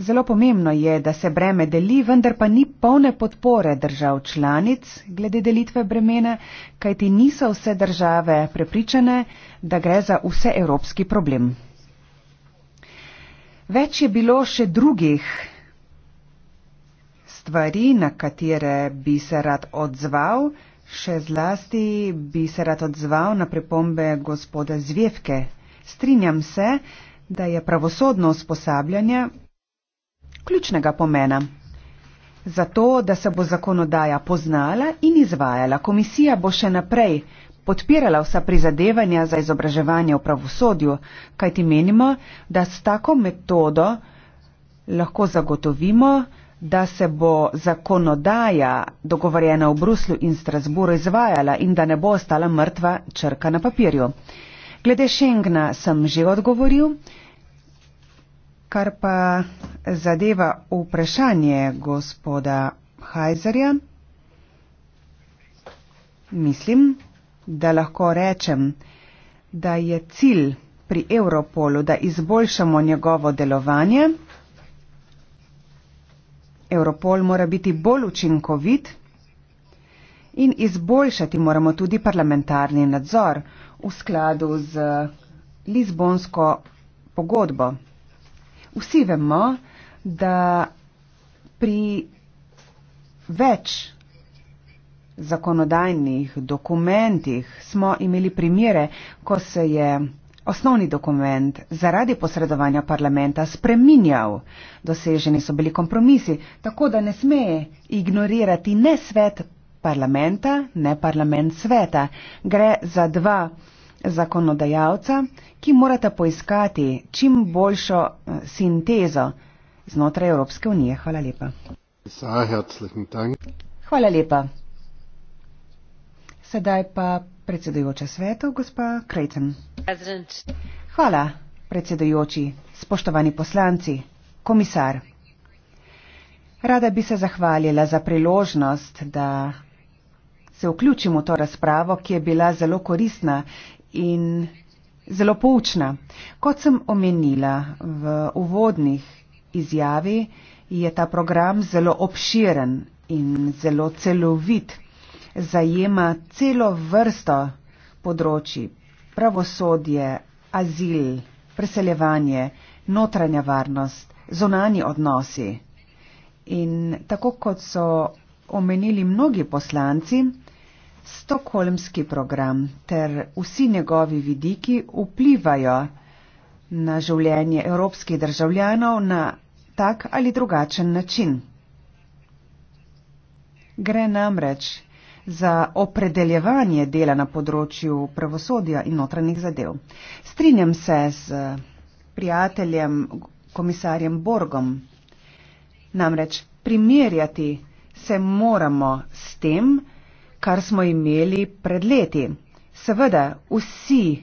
Zelo pomembno je, da se breme deli, vendar pa ni polne podpore držav članic glede delitve bremena, kajti niso vse države prepričane, da gre za vse evropski problem. Več je bilo še drugih stvari, na katere bi se rad odzval, še zlasti bi se rad odzval na pripombe gospoda Zvevke. Strinjam se, da je pravosodno usposabljanje ključnega pomena. Zato, da se bo zakonodaja poznala in izvajala, komisija bo še naprej podpirala vsa prizadevanja za izobraževanje v pravosodju, kajti menimo, da s tako metodo lahko zagotovimo, da se bo zakonodaja dogovorjena v Bruslju in Strasburu izvajala in da ne bo ostala mrtva črka na papirju. Glede Schengna sem že odgovoril. Kar pa zadeva vprašanje gospoda Hajzerja, mislim, da lahko rečem, da je cilj pri Europolu, da izboljšamo njegovo delovanje. Europol mora biti bolj učinkovit in izboljšati moramo tudi parlamentarni nadzor v skladu z Lizbonsko pogodbo. Vsi vemo, da pri več zakonodajnih dokumentih smo imeli primere, ko se je osnovni dokument zaradi posredovanja parlamenta spreminjal. Doseženi so bili kompromisi, tako da ne sme ignorirati ne svet parlamenta, ne parlament sveta. Gre za dva zakonodajalca, ki morata poiskati čim boljšo eh, sintezo znotraj Evropske unije. Hvala lepa. Hvala lepa. Sedaj pa predsedujoča svetu, gospa Krejcen. Hvala, predsedujoči, spoštovani poslanci, komisar. Rada bi se zahvalila za priložnost, da se vključimo v to razpravo, ki je bila zelo koristna in zelo poučna. Kot sem omenila v uvodnih izjavi, je ta program zelo obširen in zelo celovit. Zajema celo vrsto področji - pravosodje, azil, preseljevanje, notranja varnost, zonani odnosi. In tako kot so omenili mnogi poslanci, Stokholmski program ter vsi njegovi vidiki vplivajo na življenje evropskih državljanov na tak ali drugačen način. Gre namreč za opredeljevanje dela na področju pravosodja in notranjih zadev. Strinjam se z prijateljem komisarjem Borgom. Namreč primerjati se moramo s tem, kar smo imeli pred leti. Seveda, vsi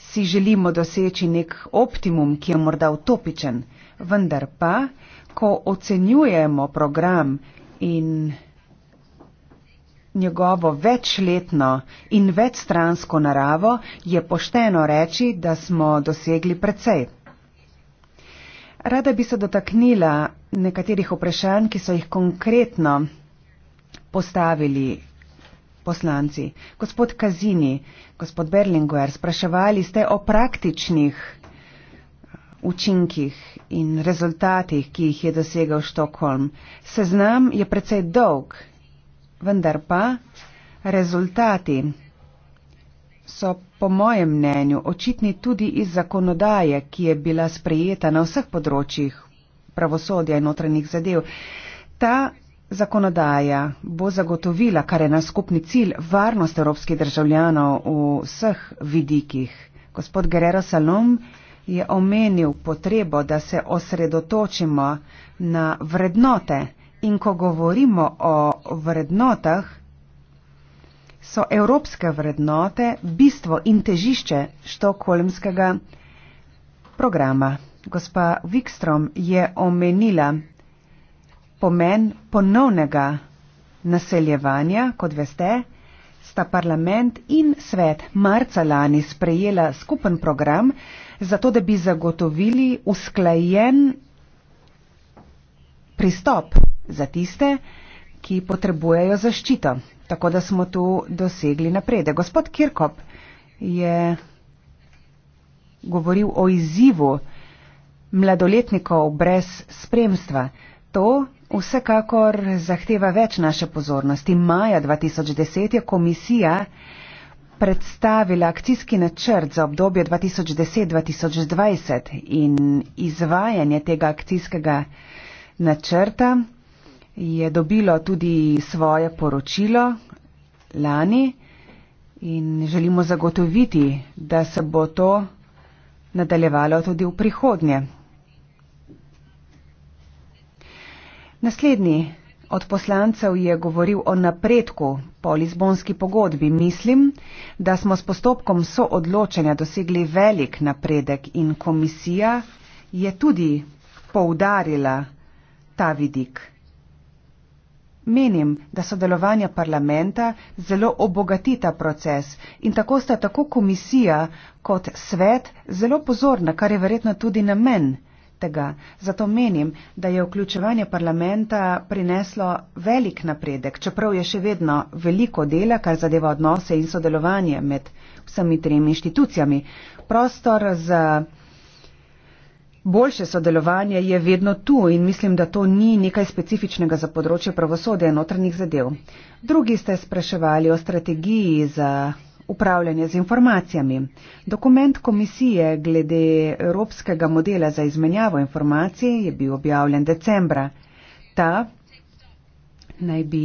si želimo doseči nek optimum, ki je morda utopičen, vendar pa, ko ocenjujemo program in njegovo večletno in večstransko naravo, je pošteno reči, da smo dosegli precej. Rada bi se dotaknila nekaterih vprašanj, ki so jih konkretno postavili poslanci. Gospod Kazini, gospod Berlinguer, spraševali ste o praktičnih eh, učinkih in rezultatih, ki jih je dosegal Štokholm. Seznam je precej dolg, vendar pa rezultati so po mojem mnenju očitni tudi iz zakonodaje, ki je bila sprejeta na vseh področjih pravosodja in notranjih zadev. Ta Zakonodaja bo zagotovila, kar je naš skupni cilj, varnost evropskih državljanov v vseh vidikih. Gospod Guerrero Salom je omenil potrebo, da se osredotočimo na vrednote in ko govorimo o vrednotah, so evropske vrednote bistvo in težišče štokolmskega programa. Gospa Wikstrom je omenila, pomen ponovnega naseljevanja, kot veste, sta parlament in svet marca lani sprejela skupen program, zato da bi zagotovili usklajen pristop za tiste, ki potrebujejo zaščito. Tako da smo tu dosegli naprede. Gospod Kirkop je govoril o izzivu mladoletnikov brez spremstva. To Vsekakor zahteva več naše pozornosti. Maja 2010 je komisija predstavila akcijski načrt za obdobje 2010-2020 in izvajanje tega akcijskega načrta je dobilo tudi svoje poročilo lani in želimo zagotoviti, da se bo to nadaljevalo tudi v prihodnje. Naslednji od poslancev je govoril o napredku po Lizbonski pogodbi. Mislim, da smo s postopkom soodločanja dosegli velik napredek in komisija je tudi poudarila ta vidik. Menim, da sodelovanja parlamenta zelo obogatita proces in tako sta tako komisija kot svet zelo pozorna, kar je verjetno tudi namen tega. Zato menim, da je vključevanje parlamenta prineslo velik napredek, čeprav je še vedno veliko dela, kar zadeva odnose in sodelovanje med vsemi tremi inštitucijami. Prostor za boljše sodelovanje je vedno tu in mislim, da to ni nekaj specifičnega za področje pravosodja in notranjih zadev. Drugi ste spraševali o strategiji za Upravljanje z informacijami. Dokument komisije glede evropskega modela za izmenjavo informacij je bil objavljen decembra. Ta naj bi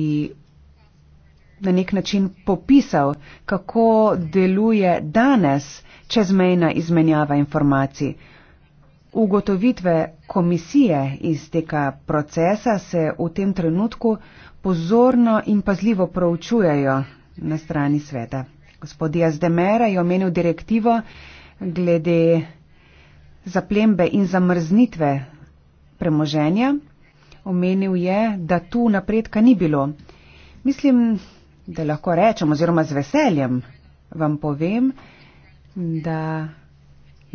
na nek način popisal, kako deluje danes čezmejna izmenjava informacij. Ugotovitve komisije iz tega procesa se v tem trenutku pozorno in pazljivo proučujejo na strani sveta gospod Diaz de Mera je omenil direktivo glede zaplembe in zamrznitve premoženja. Omenil je, da tu napredka ni bilo. Mislim, da lahko rečem oziroma z veseljem vam povem, da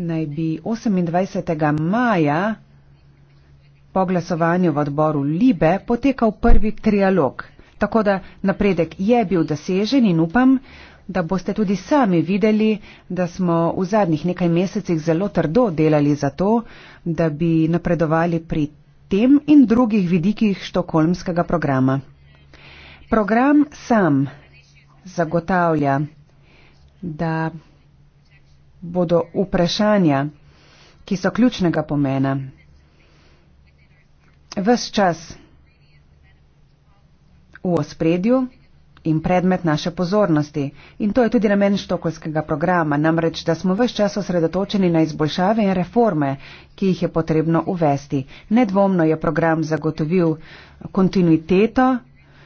naj bi 28. maja po glasovanju v odboru Libe potekal prvi trialog. Tako da napredek je bil dosežen in upam, da boste tudi sami videli, da smo v zadnjih nekaj mesecih zelo trdo delali za to, da bi napredovali pri tem in drugih vidikih štokholmskega programa. Program sam zagotavlja, da bodo vprašanja, ki so ključnega pomena, ves čas v ospredju, in predmet naše pozornosti. In to je tudi namen štokolskega programa, namreč, da smo vse čas osredotočeni na izboljšave in reforme, ki jih je potrebno uvesti. Nedvomno je program zagotovil kontinuiteto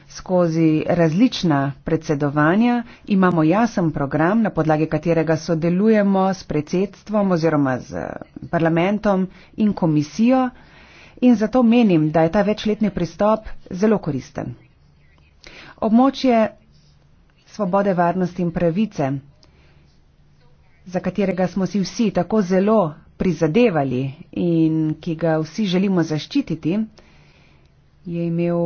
skozi različna predsedovanja. Imamo jasen program, na podlagi katerega sodelujemo s predsedstvom oziroma z parlamentom in komisijo. In zato menim, da je ta večletni pristop zelo koristen. Območje svobode, varnosti in pravice, za katerega smo si vsi tako zelo prizadevali in ki ga vsi želimo zaščititi, je imel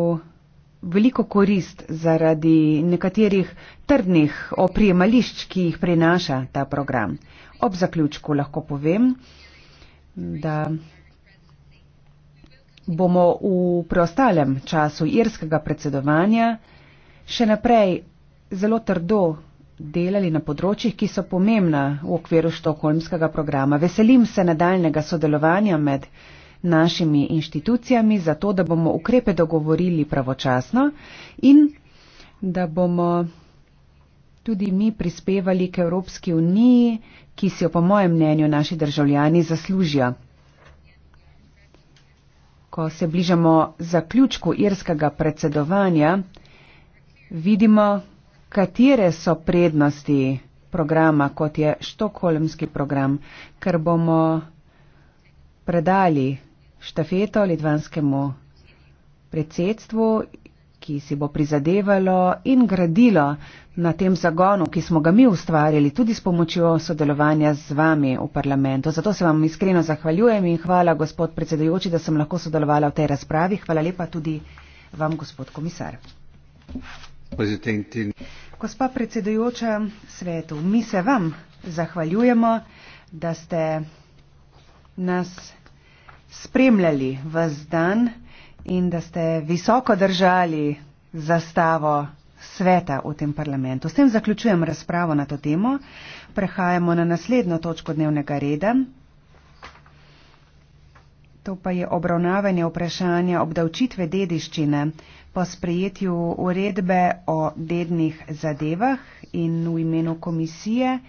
veliko korist zaradi nekaterih trdnih oprijemališč, ki jih prinaša ta program. Ob zaključku lahko povem, da bomo v preostalem času irskega predsedovanja še naprej zelo trdo delali na področjih, ki so pomembna v okviru Štokholmskega programa. Veselim se nadaljnega sodelovanja med našimi inštitucijami, zato da bomo ukrepe dogovorili pravočasno in da bomo tudi mi prispevali k Evropski uniji, ki si jo po mojem mnenju naši državljani zaslužijo. Ko se bližamo zaključku irskega predsedovanja, vidimo, katere so prednosti programa, kot je štokholmski program, ker bomo predali štafeto litvanskemu predsedstvu, ki si bo prizadevalo in gradilo na tem zagonu, ki smo ga mi ustvarili, tudi s pomočjo sodelovanja z vami v parlamentu. Zato se vam iskreno zahvaljujem in hvala, gospod predsedujoči, da sem lahko sodelovala v tej razpravi. Hvala lepa tudi vam, gospod komisar. Thank you. Gospa predsedujoča svetu, mi se vam zahvaljujemo, da ste nas spremljali v zdan in da ste visoko držali zastavo sveta v tem parlamentu. S tem zaključujem razpravo na to temo. Prehajamo na naslednjo točko dnevnega reda. To pa je obravnavanje vprašanja obdavčitve dediščine. Po sprejetju uredbe o dednih zadevah in v imenu komisije,